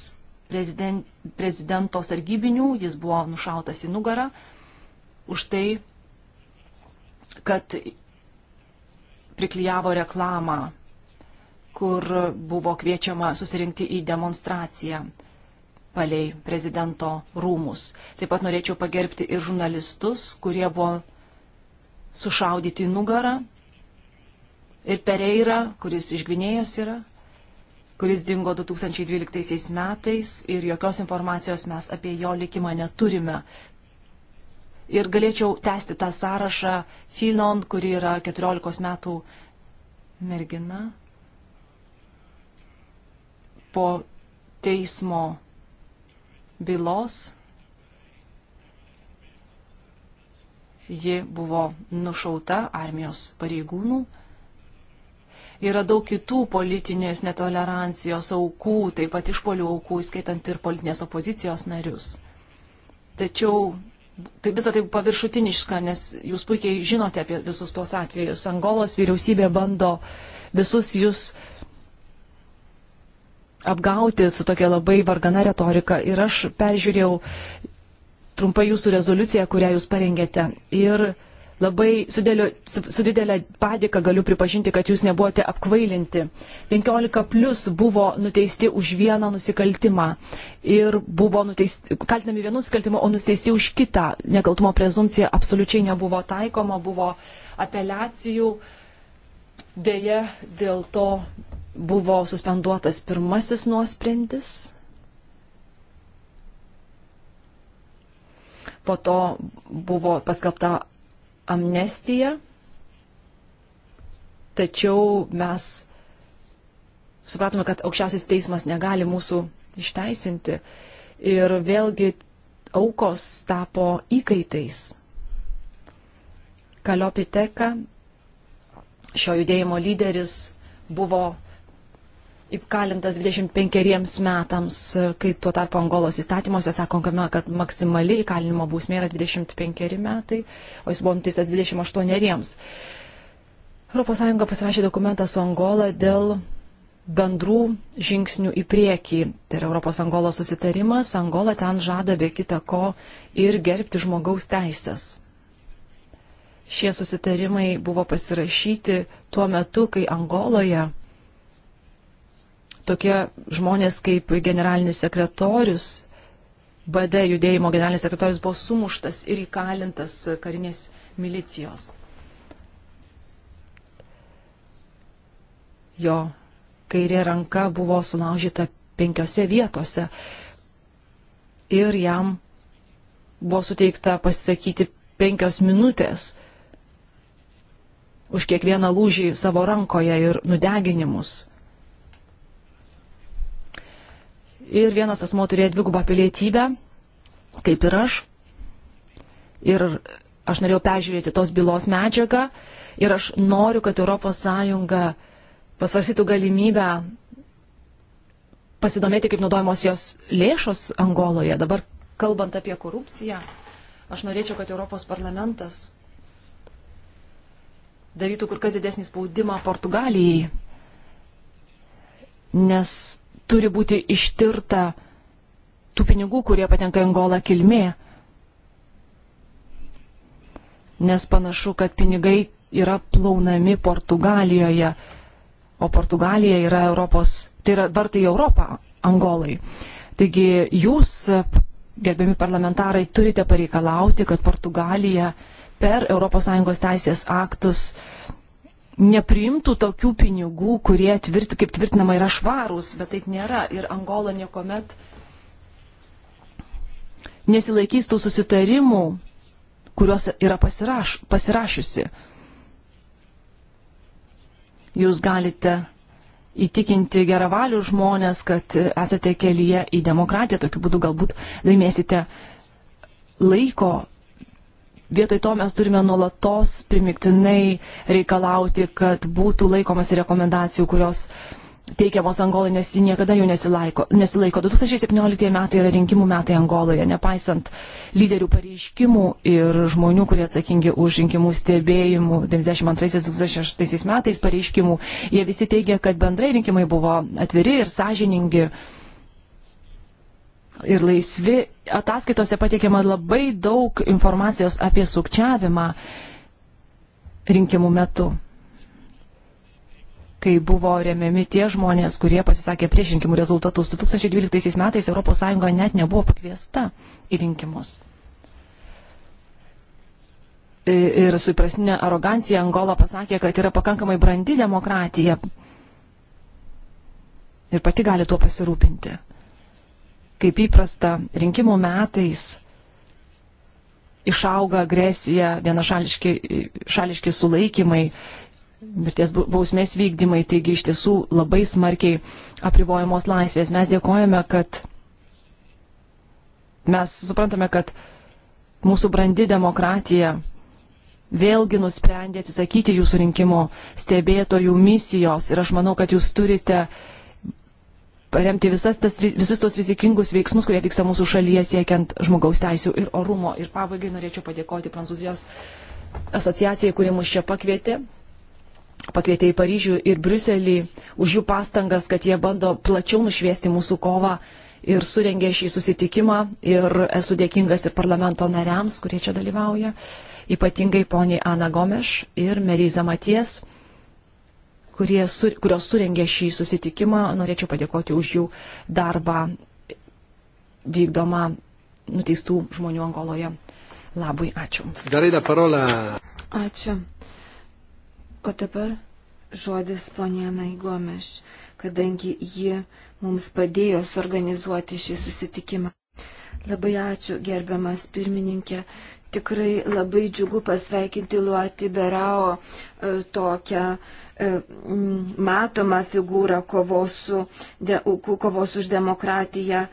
prezident, prezidento sargybinių, jis buvo nušautas į nugarą už tai, kad priklyjavo reklamą, kur buvo kviečiama susirinkti į demonstraciją palei prezidento rūmus. Taip pat norėčiau pagerbti ir žurnalistus, kurie buvo sušaudyti nugarą. Ir Pereira, kuris iš Gvinėjos yra, kuris dingo 2012 metais ir jokios informacijos mes apie jo likimą neturime. Ir galėčiau tęsti tą sąrašą Filon, kuri yra 14 metų mergina po teismo bylos. Ji buvo nušauta armijos pareigūnų. Yra daug kitų politinės netolerancijos aukų, taip pat išpolių aukų, skaitant ir politinės opozicijos narius. Tačiau tai visą tai paviršutiniška, nes jūs puikiai žinote apie visus tuos atvejus. Angolos vyriausybė bando visus jūs apgauti su tokia labai vargana retorika. Ir aš peržiūrėjau trumpai jūsų rezoliuciją, kurią jūs parengėte. Ir labai su, dėlio, su, su didelė padėka galiu pripažinti, kad jūs nebuvote apkvailinti. 15 plus buvo nuteisti už vieną nusikaltimą ir buvo nuteisti, kaltinami vienu nusikaltimu, o nuteisti už kitą. Nekaltumo prezumcija absoliučiai nebuvo taikoma, buvo apeliacijų. Deja, dėl to buvo suspenduotas pirmasis nuosprendis. Po to buvo paskelbta amnestija, tačiau mes supratome, kad aukščiausias teismas negali mūsų išteisinti. Ir vėlgi aukos tapo įkaitais. Kaliopiteka, šio judėjimo lyderis, buvo įkalintas 25 metams, kai tuo tarpu Angolos įstatymuose sakoma, kad maksimali įkalinimo bausmė yra 25 metai, o jis buvo nuteistas 28. ES pasirašė dokumentą su Angola dėl bendrų žingsnių į priekį. Tai yra Europos Angolos susitarimas. Angola ten žada be kita ko ir gerbti žmogaus teisės šie susitarimai buvo pasirašyti tuo metu, kai Angoloje tokie žmonės kaip generalinis sekretorius, BD judėjimo generalinis sekretorius buvo sumuštas ir įkalintas karinės milicijos. Jo kairė ranka buvo sulaužyta penkiose vietose ir jam buvo suteikta pasisakyti penkios minutės už kiekvieną lūžį savo rankoje ir nudeginimus. ir vienas asmo turėjo dvigubą pilietybę, kaip ir aš. Ir aš norėjau peržiūrėti tos bylos medžiagą ir aš noriu, kad ES pasvarsytų galimybę pasidomėti, kaip naudojamos jos lėšos Angoloje. Dabar kalbant apie korupciją, aš norėčiau, kad Europos parlamentas darytų kur kas didesnį spaudimą Portugalijai, nes turi būti ištirta tų pinigų, kurie patenka į Angolą kilmė. Nes panašu, kad pinigai yra plaunami Portugalijoje, o Portugalija yra Europos, tai yra vartai į Europą Angolai. Taigi jūs, gerbiami parlamentarai, turite pareikalauti, kad Portugalija per ES teisės aktus uh, nepriimtų tokių pinigų, kurie, tvirt, kaip tvirtinama, yra švarūs, bet taip nėra. Ir Angola niekuomet nesilaikys tų susitarimų, kuriuos yra pasiraš, pasirašiusi. Jūs galite įtikinti geravalių žmonės, kad esate kelyje į demokratiją, tokiu būdu galbūt laimėsite laiko Vietoj to mes turime nuolatos primiktinai reikalauti, kad būtų laikomas rekomendacijų, kurios teikiamos Angolai, nes ji niekada jų nesilaiko. nesilaiko. 2017 metai yra rinkimų metai Angoloje, nepaisant lyderių pareiškimų ir žmonių, kurie atsakingi už rinkimų stebėjimų 92-2006 metais pareiškimų, jie visi teigia, kad bendrai rinkimai buvo atviri ir sąžiningi ir laisvi. Ataskaitose pateikiama labai daug informacijos apie sukčiavimą rinkimų metu, kai buvo remiami tie žmonės, kurie pasisakė prieš rinkimų rezultatus. 2012 metais ES net nebuvo pakviesta į rinkimus. Ir su įprastinė arogancija Angola pasakė, kad yra pakankamai brandi demokratija ir pati gali tuo pasirūpinti kaip įprasta, rinkimų metais išauga agresija, vienašališki šališki sulaikymai, mirties bausmės vykdymai, taigi iš tiesų labai smarkiai apribojamos laisvės. Mes dėkojame, kad mes suprantame, kad mūsų brandi demokratija vėlgi nusprendė atsisakyti jūsų rinkimo stebėtojų misijos ir aš manau, kad jūs turite paremti visas tas, visus tos rizikingus veiksmus, kurie vyksta mūsų šalyje siekiant žmogaus teisų ir orumo. Ir pabaigai norėčiau padėkoti Prancūzijos asociacijai, kuri mus čia pakvietė. Pakvietė į Paryžių ir Briuselį už jų pastangas, kad jie bando plačiau nušviesti mūsų kovą ir surengė šį susitikimą. Ir esu dėkingas ir parlamento nariams, kurie čia dalyvauja, ypatingai poniai Ana Gomeš ir Meryza Maties kurie, sur, kurios surengė šį susitikimą. Norėčiau padėkoti už jų darbą vykdomą nuteistų žmonių Angoloje. Labai ačiū. Gerai, da parola. Ačiū. O dabar žodis ponienai Gomeš, kadangi ji mums padėjo suorganizuoti šį susitikimą. Labai ačiū, gerbiamas pirmininkė. Tikrai labai džiugu pasveikinti Luoti Berao e, tokią e, matomą figūrą kovos, su, de, kovos už demokratiją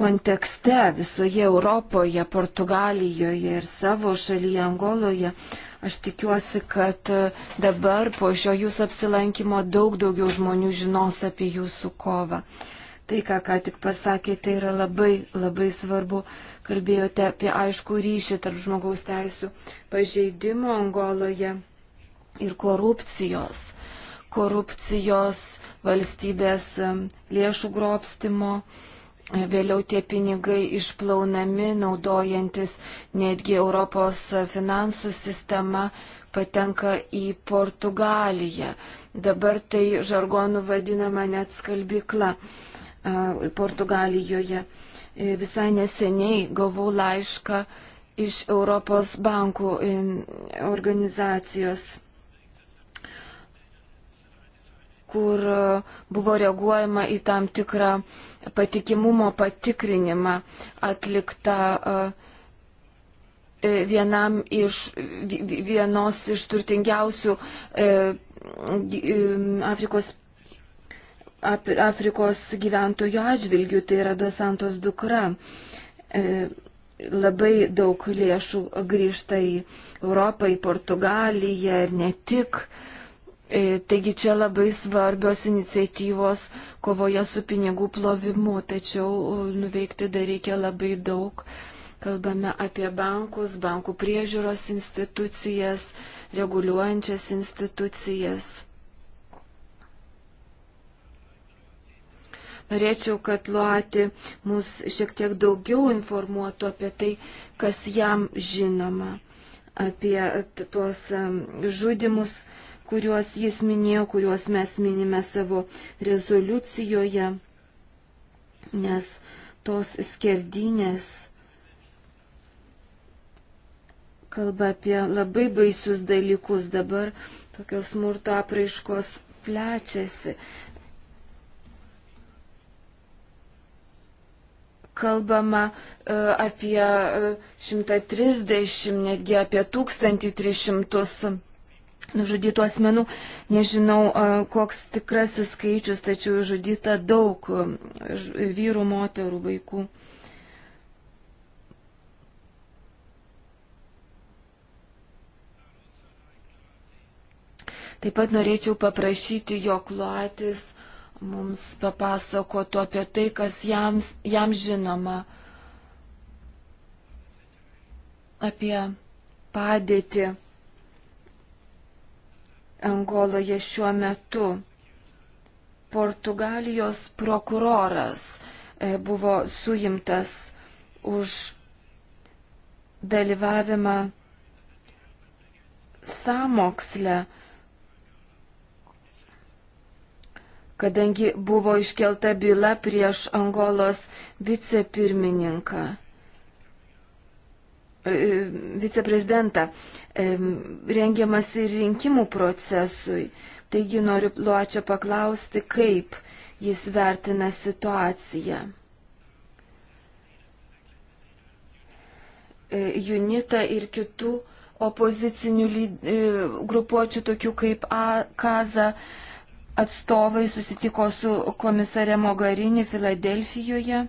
kontekste visoje Europoje, Portugalijoje ir savo šalyje Angoloje. Aš tikiuosi, kad e, dabar po šio jūsų apsilankimo daug daugiau žmonių žinos apie jūsų kovą. Tai, ką ką tik pasakėte, yra labai, labai svarbu kalbėjote apie aišku ryšį tarp žmogaus teisų pažeidimo Angoloje ir korupcijos. Korupcijos valstybės lėšų grobstimo. Vėliau tie pinigai išplaunami, naudojantis netgi Europos finansų sistema, patenka į Portugaliją. Dabar tai žargonų vadinama net skalbikla. Portugalijoje. E, visai neseniai gavau laišką iš Europos bankų e, organizacijos, kur e, buvo reaguojama į tam tikrą patikimumo patikrinimą atliktą vienam iš, vienos iš turtingiausių Afrikos Afrikos gyventojų atžvilgių, tai yra Dosantos dukra. E, labai daug lėšų grįžta į Europą, į Portugaliją ir ne tik. E, taigi čia labai svarbios iniciatyvos kovoje su pinigų plovimu, tačiau nuveikti dar reikia labai daug. Kalbame apie bankus, bankų priežiūros institucijas, reguliuojančias institucijas. Norėčiau, kad Luati mus šiek tiek daugiau informuotų apie tai, kas jam žinoma, apie tuos žudimus, kuriuos jis minėjo, kuriuos mes minime savo rezoliucijoje, nes tos skerdinės kalba apie labai baisius dalykus dabar, tokios smurto apraiškos plečiasi, kalbama e, apie 130, e, netgi apie 1300 nužudytų asmenų. Nežinau, e, koks tikrasis skaičius, tačiau žudyta daug vyrų, moterų, vaikų. Taip pat norėčiau paprašyti, jog Luatis mums papasakotų apie tai, kas jam, jam žinoma, apie padėtį Angoloje šiuo metu. Portugalijos prokuroras e, buvo suimtas už dalyvavimą samokslę kadangi buvo iškelta byla prieš Angolos vicepirmininką, e, e, viceprezidentą, e, rengiamasi rinkimų procesui. Taigi noriu Luočio paklausti, kaip jis vertina situaciją. Junita ir kitų opozicinių grupuočių, tokių kaip A, Kaza, atstovai susitiko su komisare Mogarini Filadelfijoje.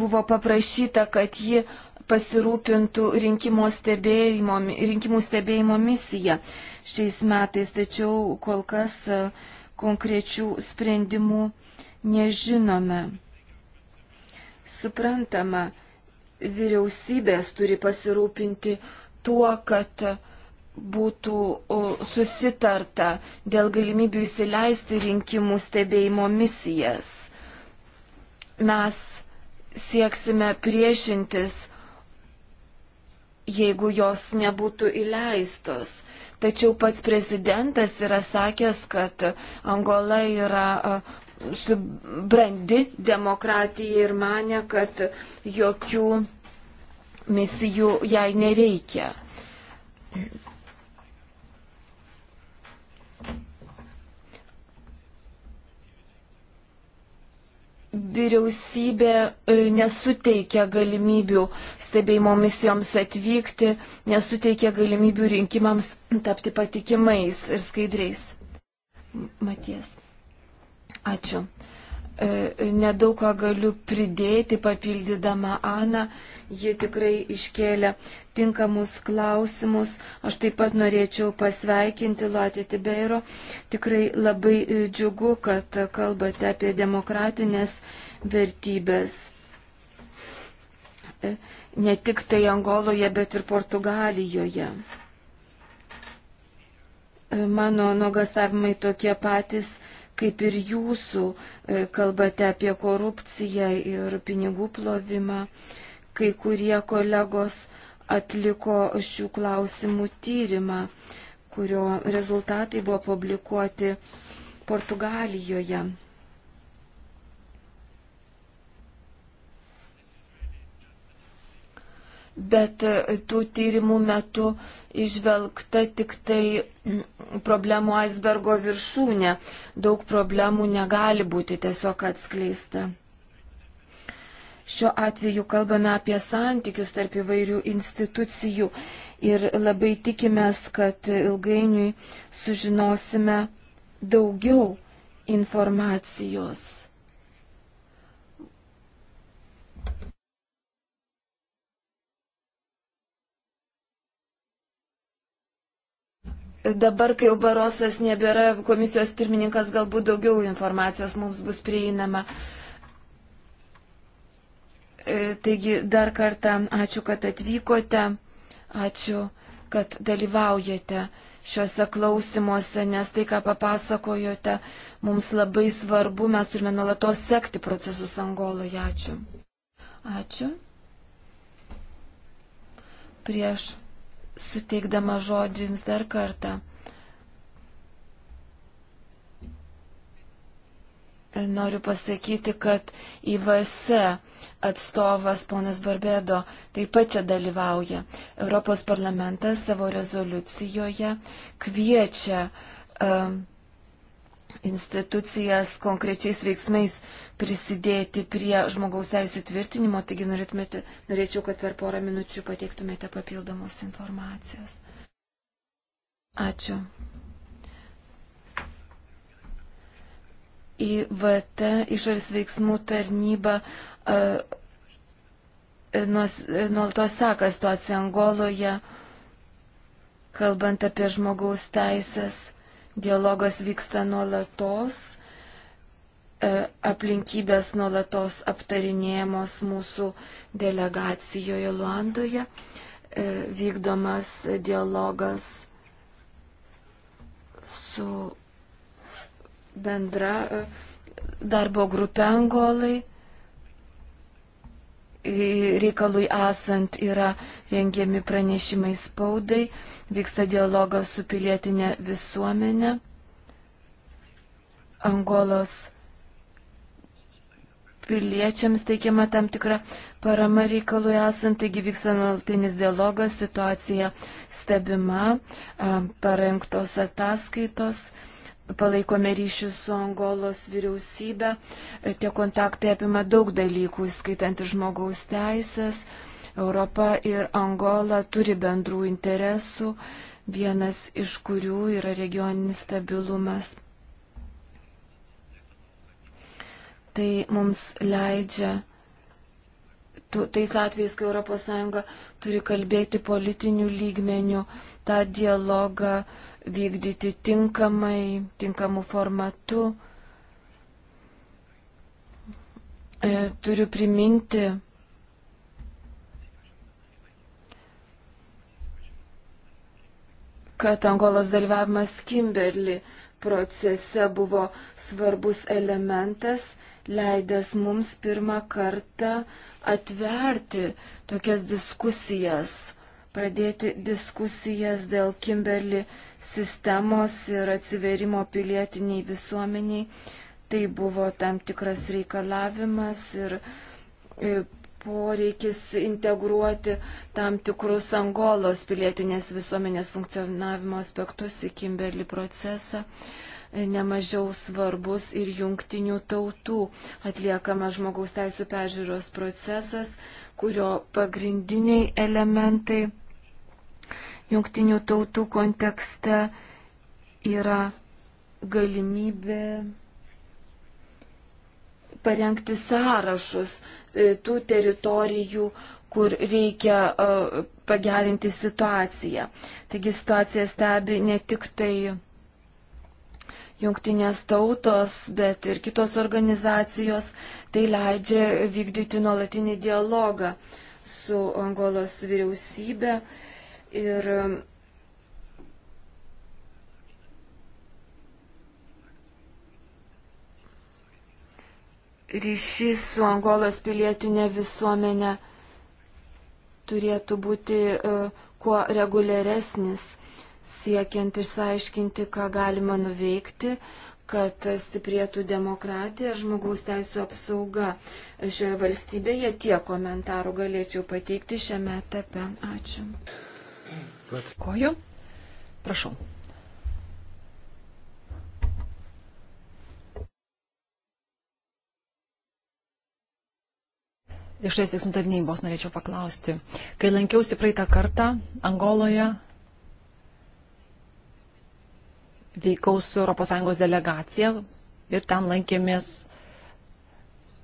Buvo paprašyta, kad ji pasirūpintų rinkimų stebėjimo, rinkimų stebėjimo misiją šiais metais, tačiau kol kas e, konkrečių sprendimų nežinome. Suprantama, vyriausybės turi pasirūpinti tuo, kad būtų susitarta dėl galimybių įsileisti rinkimų stebėjimo misijas. Mes sieksime priešintis, jeigu jos nebūtų įleistos. Tačiau pats prezidentas yra sakęs, kad Angola yra brandi demokratija ir mane, kad jokių misijų jai nereikia. vyriausybė e, nesuteikia galimybių stebėjimo misijoms atvykti, nesuteikia galimybių rinkimams tapti patikimais ir skaidriais. Maties. Ačiū. E, nedaug ką galiu pridėti, papildydama Aną. Ji tikrai iškėlė tinkamus klausimus. Aš taip pat norėčiau pasveikinti Latį Tibeiro. Tikrai labai e, džiugu, kad kalbate apie demokratinės vertybės e, ne tik tai Angoloje, bet ir Portugalijoje. Mano nuogastavimai tokie patys kaip ir jūsų, e, kalbate apie korupciją ir pinigų plovimą. Kai kurie kolegos atliko šių klausimų tyrimą, kurio rezultatai buvo publikuoti Portugalijoje. bet e, tų tyrimų metu išvelgta tik tai problemų aisbergo viršūnė. Daug problemų negali būti tiesiog atskleista. Šiuo atveju kalbame apie santykius tarp įvairių institucijų ir labai tikimės, kad ilgainiui sužinosime daugiau informacijos. Dabar, kai jau Barosas nebėra komisijos pirmininkas, galbūt daugiau informacijos mums bus prieinama. E, taigi dar kartą ačiū, kad atvykote, ačiū, kad dalyvaujate šiuose klausimuose, nes tai, ką papasakojote, mums labai svarbu, mes turime nuolatos sekti procesus Angoloje. Ačiū. Ačiū. Prieš suteikdama žodį jums dar kartą. Noriu pasakyti, kad IVS atstovas ponas Barbedo taip pat čia dalyvauja. Europos parlamentas savo rezoliucijoje kviečia um, uh, institucijas konkrečiais veiksmais prisidėti prie žmogaus teisų tvirtinimo, taigi norėčiau, kad per porą minučių pateiktumėte papildomos informacijos. Ačiū. IVT išorės veiksmų tarnyba e, e, nuolatos seka situaciją Angoloje, kalbant apie žmogaus teisės. Dialogas vyksta nuolatos, e, aplinkybės nuolatos aptarinėjamos mūsų delegacijoje Luandoje, e, vykdomas dialogas su bendra e, darbo grupė Angolai reikalui esant yra rengiami pranešimai spaudai, vyksta dialogas su pilietinė visuomenė. Angolos piliečiams teikiama tam tikra parama reikalui esant, taigi vyksta nuolatinis dialogas, situacija stebima, parengtos ataskaitos palaikome ryšius su Angolos vyriausybė. Tie kontaktai apima daug dalykų, skaitant ir žmogaus teisės. Europa ir Angola turi bendrų interesų, vienas iš kurių yra regioninis stabilumas. Tai mums leidžia tais atvejais, kai ES turi kalbėti politinių lygmenių, tą dialogą uh, vykdyti tinkamai, tinkamu formatu. E, turiu priminti, kad Angolos dalyvavimas Kimberly procese buvo svarbus elementas, leidęs mums pirmą kartą atverti tokias diskusijas, pradėti diskusijas dėl Kimberly procese sistemos ir atsiverimo pilietiniai visuomeniai. Tai buvo tam tikras reikalavimas ir e, poreikis integruoti tam tikrus Angolos pilietinės visuomenės funkcionavimo aspektus į Kimberly procesą e, nemažiau svarbus ir jungtinių tautų atliekama žmogaus teisų pežiūros procesas, kurio pagrindiniai elementai jungtinių tautų kontekste yra galimybė parengti sąrašus e, tų teritorijų, kur reikia e, pagerinti situaciją. Taigi situaciją stebi ne tik tai jungtinės tautos, bet ir kitos organizacijos, tai leidžia vykdyti nuolatinį dialogą su Angolos vyriausybė Ir um, ryšys su Angolos pilietinė visuomenė turėtų būti uh, kuo reguliaresnis, siekiant išsiaiškinti, ką galima nuveikti, kad stiprėtų demokratija ir žmogaus teisų apsauga šioje valstybėje. Tie komentarų galėčiau pateikti šiame etape. Ačiū. Koju? Prašau. Išorės veiksmų tarnybos norėčiau paklausti. Kai lankiausi praeitą kartą Angoloje, vykau su ES delegacija ir ten lankėmės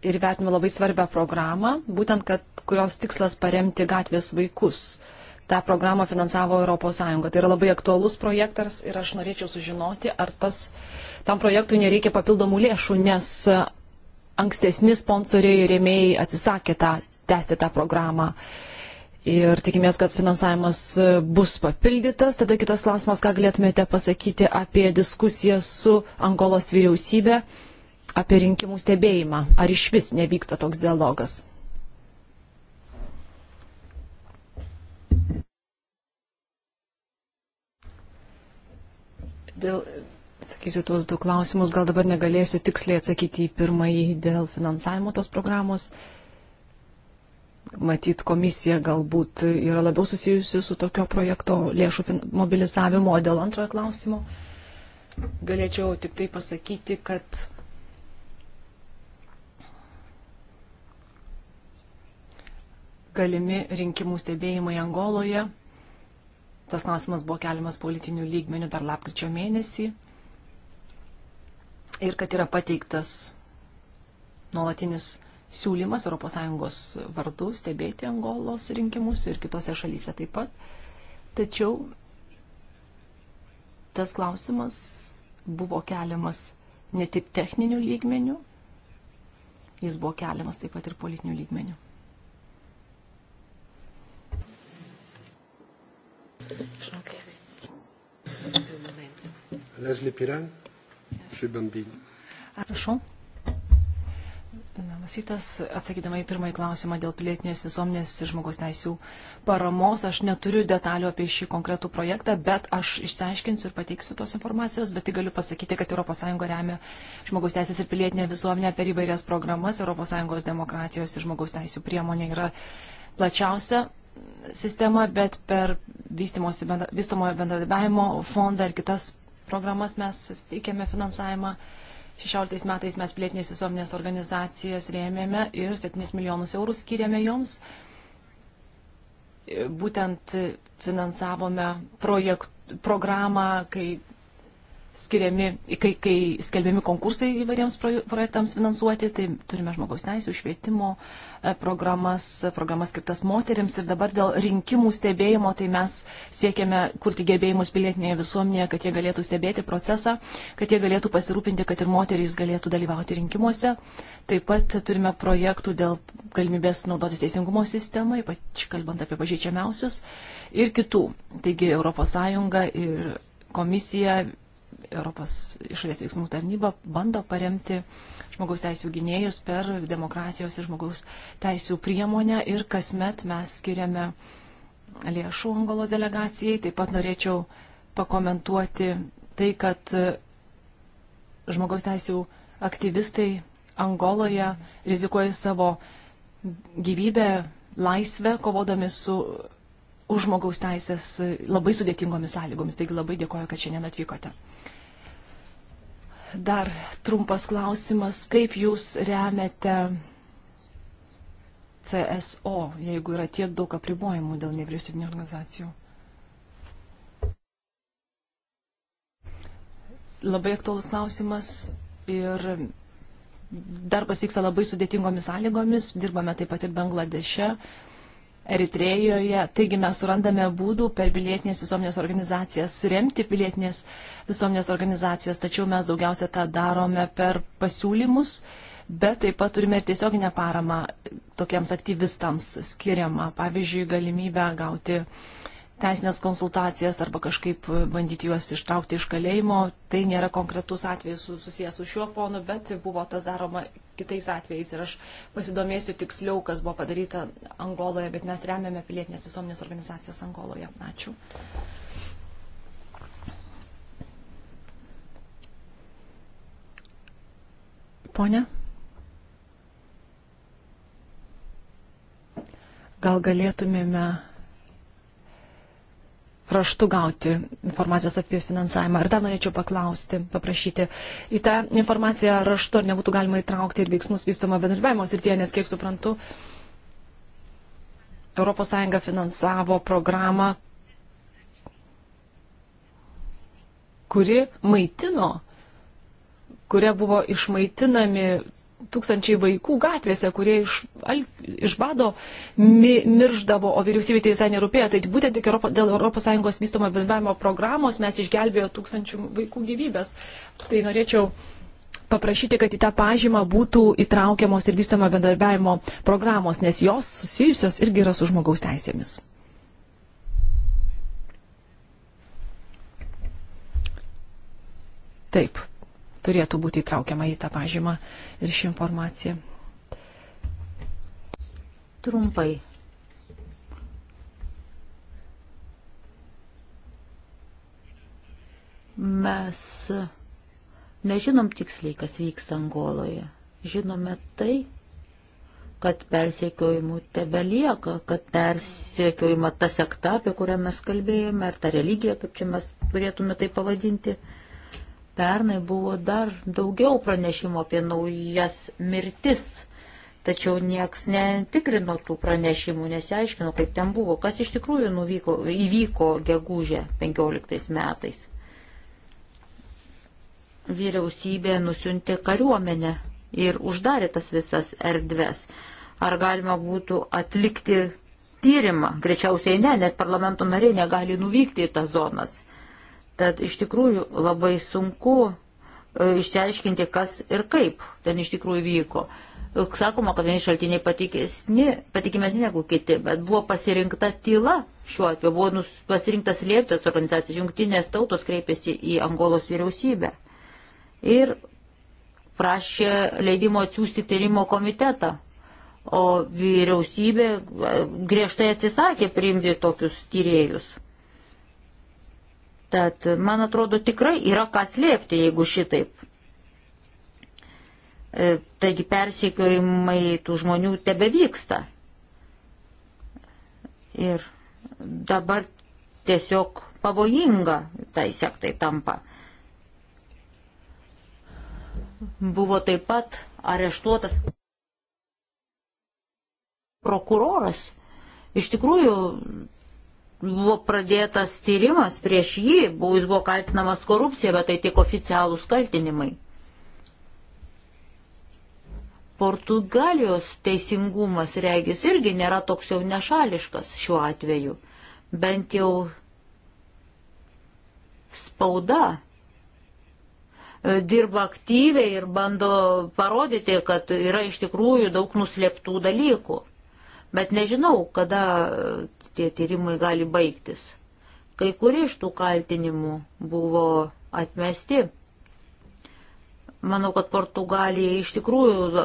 ir vertinome labai svarbią programą, būtent, kad, kurios tikslas paremti gatvės vaikus. Uh, tą programą finansavo ES. Tai yra labai aktualus projektas ir aš norėčiau sužinoti, ar tas, tam projektui nereikia papildomų lėšų, nes ankstesni sponsoriai ir rėmėjai atsisakė tą, tęsti tą programą. Ir tikimės, kad finansavimas bus papildytas. Tada kitas klausimas, ką galėtumėte pasakyti apie diskusiją su Angolos vyriausybė, apie rinkimų stebėjimą. Ar iš vis nevyksta toks dialogas? dėl, atsakysiu tuos du klausimus, gal dabar negalėsiu tiksliai atsakyti į pirmąjį dėl finansavimo tos programos. Matyt, komisija galbūt yra labiau susijusi su tokio projekto lėšų mobilizavimu, o dėl antrojo klausimo galėčiau tik tai pasakyti, kad galimi rinkimų stebėjimai Angoloje Tas klausimas buvo keliamas politinių lygmenių dar lapkričio mėnesį ir kad yra pateiktas nuolatinis siūlymas ES vardu stebėti Angolos rinkimus ir kitose šalyse taip pat. Tačiau tas klausimas buvo keliamas ne tik techninių lygmenių, jis buvo keliamas taip pat ir politinių lygmenių. Leslie Piran, Šui Bambinį. Prašau. Labas rytas, atsakydama į pirmąjį klausimą dėl pilietinės visuomenės ir žmogaus teisų paramos, aš neturiu detalių apie šį konkretų projektą, bet aš išsiaiškinsiu ir pateiksiu tos informacijos, bet tik galiu pasakyti, kad ES remia žmogaus teisės ir pilietinę visuomenę per įvairias programas, ES demokratijos ir žmogaus teisų priemonė yra plačiausia sistemą, bet per vystomojo bendradarbiavimo fondą ir kitas programas mes teikėme finansavimą. 16 metais mes plėtinės visuomenės organizacijas rėmėme ir 7 milijonus eurų skiriame joms. Būtent finansavome projekt, programą, kai skiriami, kai, kai skelbiami konkursai įvairiems projektams finansuoti, tai turime žmogaus teisų, švietimo e, programas, programas skirtas moteriams ir dabar dėl rinkimų stebėjimo, tai mes siekiame kurti gebėjimus pilietinėje visuomenėje, kad jie galėtų stebėti procesą, kad jie galėtų pasirūpinti, kad ir moterys galėtų dalyvauti rinkimuose. Taip pat turime projektų dėl galimybės naudotis teisingumo sistemą, ypač kalbant apie pažeidžiamiausius ir kitų. Taigi ES ir komisija Europos išorės veiksmų tarnyba bando paremti žmogaus teisų gynėjus per demokratijos ir žmogaus teisų priemonę ir kasmet mes skiriame lėšų Angolo delegacijai. Taip pat norėčiau pakomentuoti tai, kad žmogaus teisų aktyvistai Angoloje rizikuoja savo gyvybę, laisvę, kovodami su už žmogaus teisės labai sudėtingomis sąlygomis. Taigi labai dėkoju, kad šiandien atvykote. Dar trumpas klausimas, kaip jūs remiate CSO, jeigu yra tiek daug apribojimų dėl nevyriausybinio organizacijų? Labai aktuolus klausimas ir darbas vyksta labai sudėtingomis sąlygomis, dirbame taip pat ir Bangladeše, Eritrejoje. Taigi mes surandame būdų per pilietinės visuomenės organizacijas remti pilietinės visuomenės organizacijas, tačiau mes daugiausia tą darome per pasiūlymus, bet taip pat turime ir tiesioginę paramą tokiems aktyvistams skiriamą, pavyzdžiui, galimybę gauti uh, teisinės konsultacijas arba kažkaip bandyti juos ištraukti iš kalėjimo. Tai nėra konkretus atvejis susijęs su šiuo fonu, bet buvo tas daroma kitais atvejais ir aš pasidomėsiu tiksliau, kas buvo padaryta Angoloje, bet mes remiame pilietinės visuomenės organizacijas Angoloje. Ačiū. Pone? Gal galėtumėme raštu gauti informacijos apie finansavimą. Ir dar norėčiau paklausti, paprašyti, į tą informaciją raštu ar nebūtų galima įtraukti ir veiksmus vystomo bendradarbiavimo srityje, nes kiek suprantu, ES finansavo programą, kuri maitino, kuria buvo išmaitinami tūkstančiai vaikų gatvėse, kurie iš, al, iš bado mi, mirždavo, o vyriausybė tai visai nerūpėjo. Tai būtent tik Europo, dėl ES vystomo bendravimo programos mes išgelbėjo tūkstančių vaikų gyvybės. Tai norėčiau paprašyti, kad į tą pažymą būtų įtraukiamos ir vystomo bendarbiavimo programos, nes jos susijusios irgi yra su žmogaus teisėmis. Taip, turėtų būti įtraukiama į tą pažymą ir ši informacija. Trumpai. Mes nežinom tiksliai, kas vyksta Angoloje. Žinome tai, kad persiekiojimų tebelieka, kad persiekiojama ta sekta, apie kurią mes kalbėjome, ar ta religija, kaip čia mes turėtume tai pavadinti, uh, Pernai buvo dar daugiau pranešimų apie naujas mirtis, tačiau nieks netikrino tų pranešimų, nesiaiškino, kaip ten buvo, kas iš tikrųjų nuvyko, įvyko gegužę 15 metais. Vyriausybė nusiuntė kariuomenę ir uždarė tas visas erdves. Ar galima būtų atlikti tyrimą? Greičiausiai ne, net parlamento nariai negali nuvykti į tas zonas. Tad iš tikrųjų labai sunku e, išsiaiškinti, kas ir kaip ten iš tikrųjų vyko. Sakoma, kad vieni šaltiniai patikimesni negu kiti, bet buvo pasirinkta tyla šiuo atveju, buvo nus, pasirinktas lieptas organizacijas, jungtinės tautos kreipėsi į Angolos vyriausybę ir prašė leidimo atsiųsti tyrimo komitetą, o vyriausybė e, griežtai atsisakė priimti tokius tyrėjus. Tad, man atrodo, tikrai yra ką slėpti, jeigu šitaip. E, taigi persiekiojimai tų žmonių tebe vyksta. Ir dabar tiesiog pavojinga tai sektai tampa. Buvo taip pat areštuotas prokuroras. Iš tikrųjų, buvo pradėtas tyrimas prieš jį, buvo, jis buvo kaltinamas korupcija, bet tai tik oficialūs kaltinimai. Portugalijos teisingumas regis irgi nėra toks jau nešališkas šiuo atveju. Bent jau spauda e, dirba aktyviai ir bando parodyti, kad yra iš tikrųjų daug nuslėptų dalykų. Bet nežinau, kada tie tyrimai gali baigtis. Kai kurie iš tų kaltinimų buvo atmesti. Manau, kad Portugalija iš tikrųjų,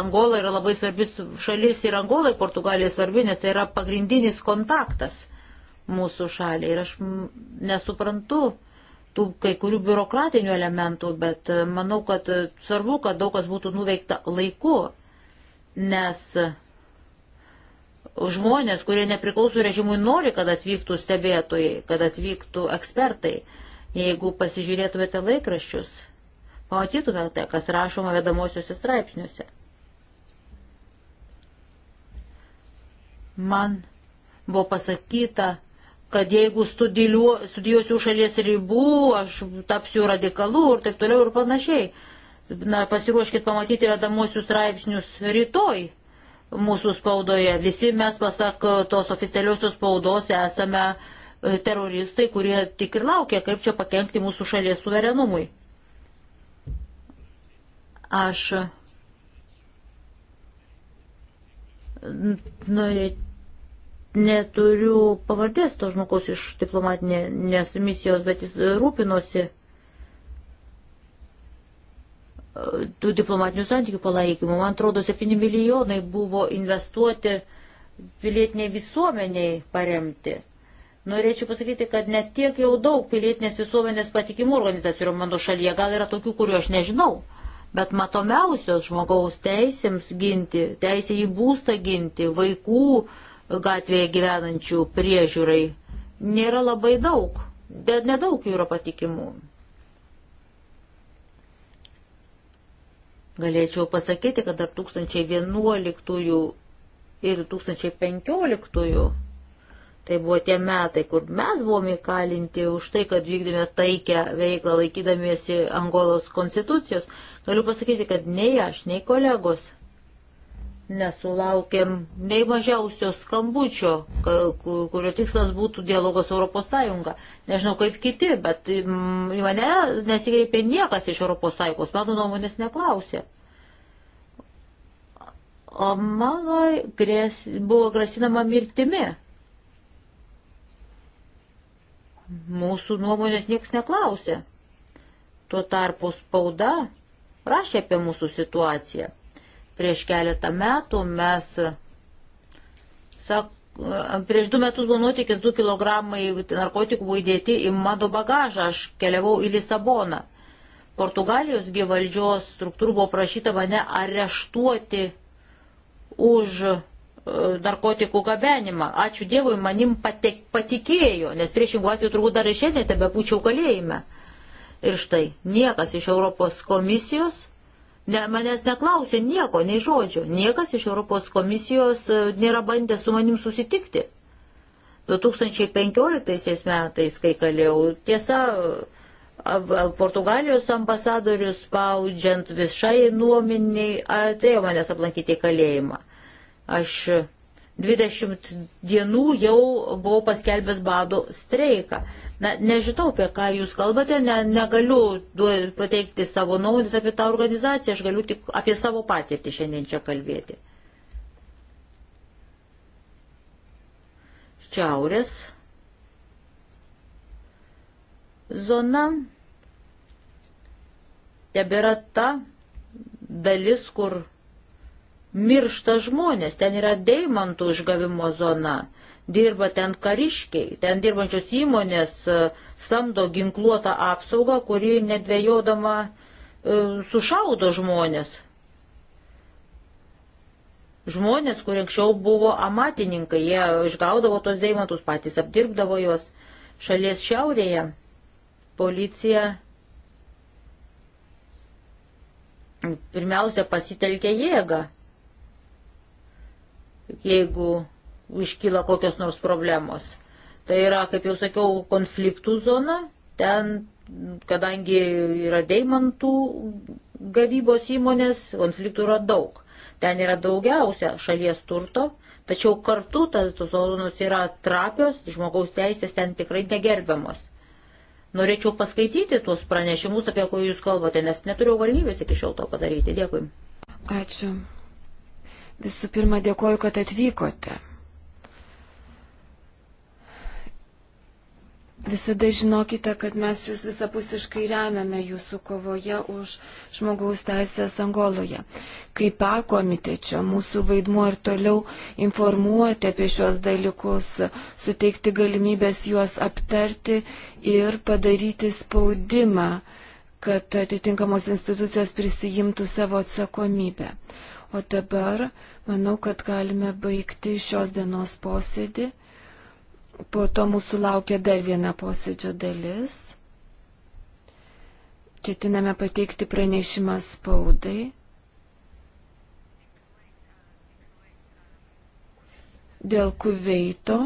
Angola yra labai svarbi šalis ir Angolai Portugalija svarbi, nes tai yra pagrindinis kontaktas mūsų šaliai. Ir aš nesuprantu tų kai kurių biurokratinių elementų, bet e, manau, kad e, svarbu, kad daug kas būtų nuveikta laiku, nes žmonės, kurie nepriklauso režimui, nori, kad atvyktų stebėtojai, kad atvyktų ekspertai. Jeigu pasižiūrėtumėte laikraščius, pamatytumėte, kas rašoma vedamosiuose straipsniuose. Man buvo pasakyta, kad jeigu studijuosiu šalies ribų, aš tapsiu radikalų ir taip toliau ir panašiai. Na, pasiruoškit pamatyti vedamosius straipsnius rytoj mūsų spaudoje. Visi mes, pasak tos oficialiosios spaudos, esame e, teroristai, kurie tik ir laukia, kaip čia pakengti mūsų šalies suverenumui. Aš nu, neturiu pavardės to žmogaus iš diplomatinės misijos, bet jis rūpinosi tų diplomatinių santykių palaikymų. Man atrodo, 7 milijonai buvo investuoti pilietiniai visuomeniai paremti. Norėčiau pasakyti, kad net tiek jau daug pilietinės visuomenės patikimų organizacijų yra mano šalyje, gal yra tokių, kurių aš nežinau, bet matomiausios žmogaus teisėms ginti, teisė į būstą ginti, vaikų gatvėje gyvenančių priežiūrai nėra labai daug, bet nedaug jų yra patikimų. Galėčiau pasakyti, kad dar 2011 ir 2015 tai buvo tie metai, kur mes buvome įkalinti už tai, kad vykdėme taikę veiklą laikydamiesi Angolos konstitucijos. Galiu pasakyti, kad nei aš, nei kolegos nesulaukėm nei mažiausio skambučio, kurio tikslas būtų dialogas Europos Sąjunga. Nežinau kaip kiti, bet mm, mane nesigreipė niekas iš Europos Sąjungos, mano nuomonės neklausė. O man grės, buvo grasinama mirtimi. Mūsų nuomonės niekas neklausė. Tuo tarpu spauda rašė apie mūsų situaciją. Prieš keletą metų mes, sak, prieš du metus buvo nuotykis, du kilogramai narkotikų buvo įdėti į mano bagažą, aš keliavau į Lisaboną. Portugalijos gyvaldžios struktūrų buvo prašyta mane areštuoti už e, narkotikų gabenimą. Ačiū Dievui, manim patek, patikėjo, nes priešingų atveju turbūt dar ir šiandien tebe būčiau kalėjime. Ir štai, niekas iš Europos komisijos Ne, manęs neklausė nieko, nei žodžio. Niekas iš Europos komisijos e, nėra bandęs su manim susitikti. 2015 metais, kai kalėjau, tiesa, Portugalijos ambasadorius spaudžiant visai nuominiai atėjo manęs aplankyti į kalėjimą. Aš 20 dienų jau buvau paskelbęs bado streiką. Na, nežinau, apie ką jūs kalbate, ne, negaliu pateikti savo nuomonės apie tą organizaciją, aš galiu tik apie savo patirtį šiandien čia kalbėti. Šiaurės zona tebėra ta dalis, kur miršta žmonės, ten yra deimantų išgavimo zona, dirba ten kariškiai, ten dirbančios įmonės e, samdo ginkluotą apsaugą, kuri nedvėjodama e, sušaudo žmonės. Žmonės, kurie anksčiau buvo amatininkai, jie išgaudavo tos deimantus, patys apdirbdavo juos šalies šiaurėje. Policija pirmiausia pasitelkė jėgą jeigu iškyla kokios nors problemos. Tai yra, kaip jau sakiau, konfliktų zona, ten, kadangi yra deimantų gavybos įmonės, konfliktų yra daug. Ten yra daugiausia šalies turto, tačiau kartu tas tos zonos yra trapios, žmogaus teisės ten tikrai negerbiamos. Norėčiau paskaityti tuos pranešimus, apie kurį jūs kalbate, nes neturiu galimybės iki šiol to padaryti. Dėkui. Ačiū. Visų pirma, dėkoju, kad atvykote. Visada žinokite, kad mes jūs visapusiškai remiame jūsų kovoje už žmogaus teisės Angoloje. Kaip pakomitečio mūsų vaidmuo ir toliau informuoti apie šios dalykus, suteikti galimybės juos aptarti ir padaryti spaudimą, kad atitinkamos institucijos prisijimtų savo atsakomybę. O dabar manau, kad galime baigti šios dienos posėdį. Po to mūsų laukia dar viena posėdžio dalis. Ketiname pateikti pranešimą spaudai. Dėl kuveito,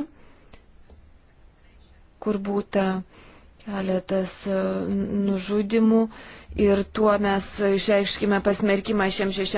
kur būta keletas e, nužudimų ir tuo mes išreiškime pasmerkimą šiems šešiems.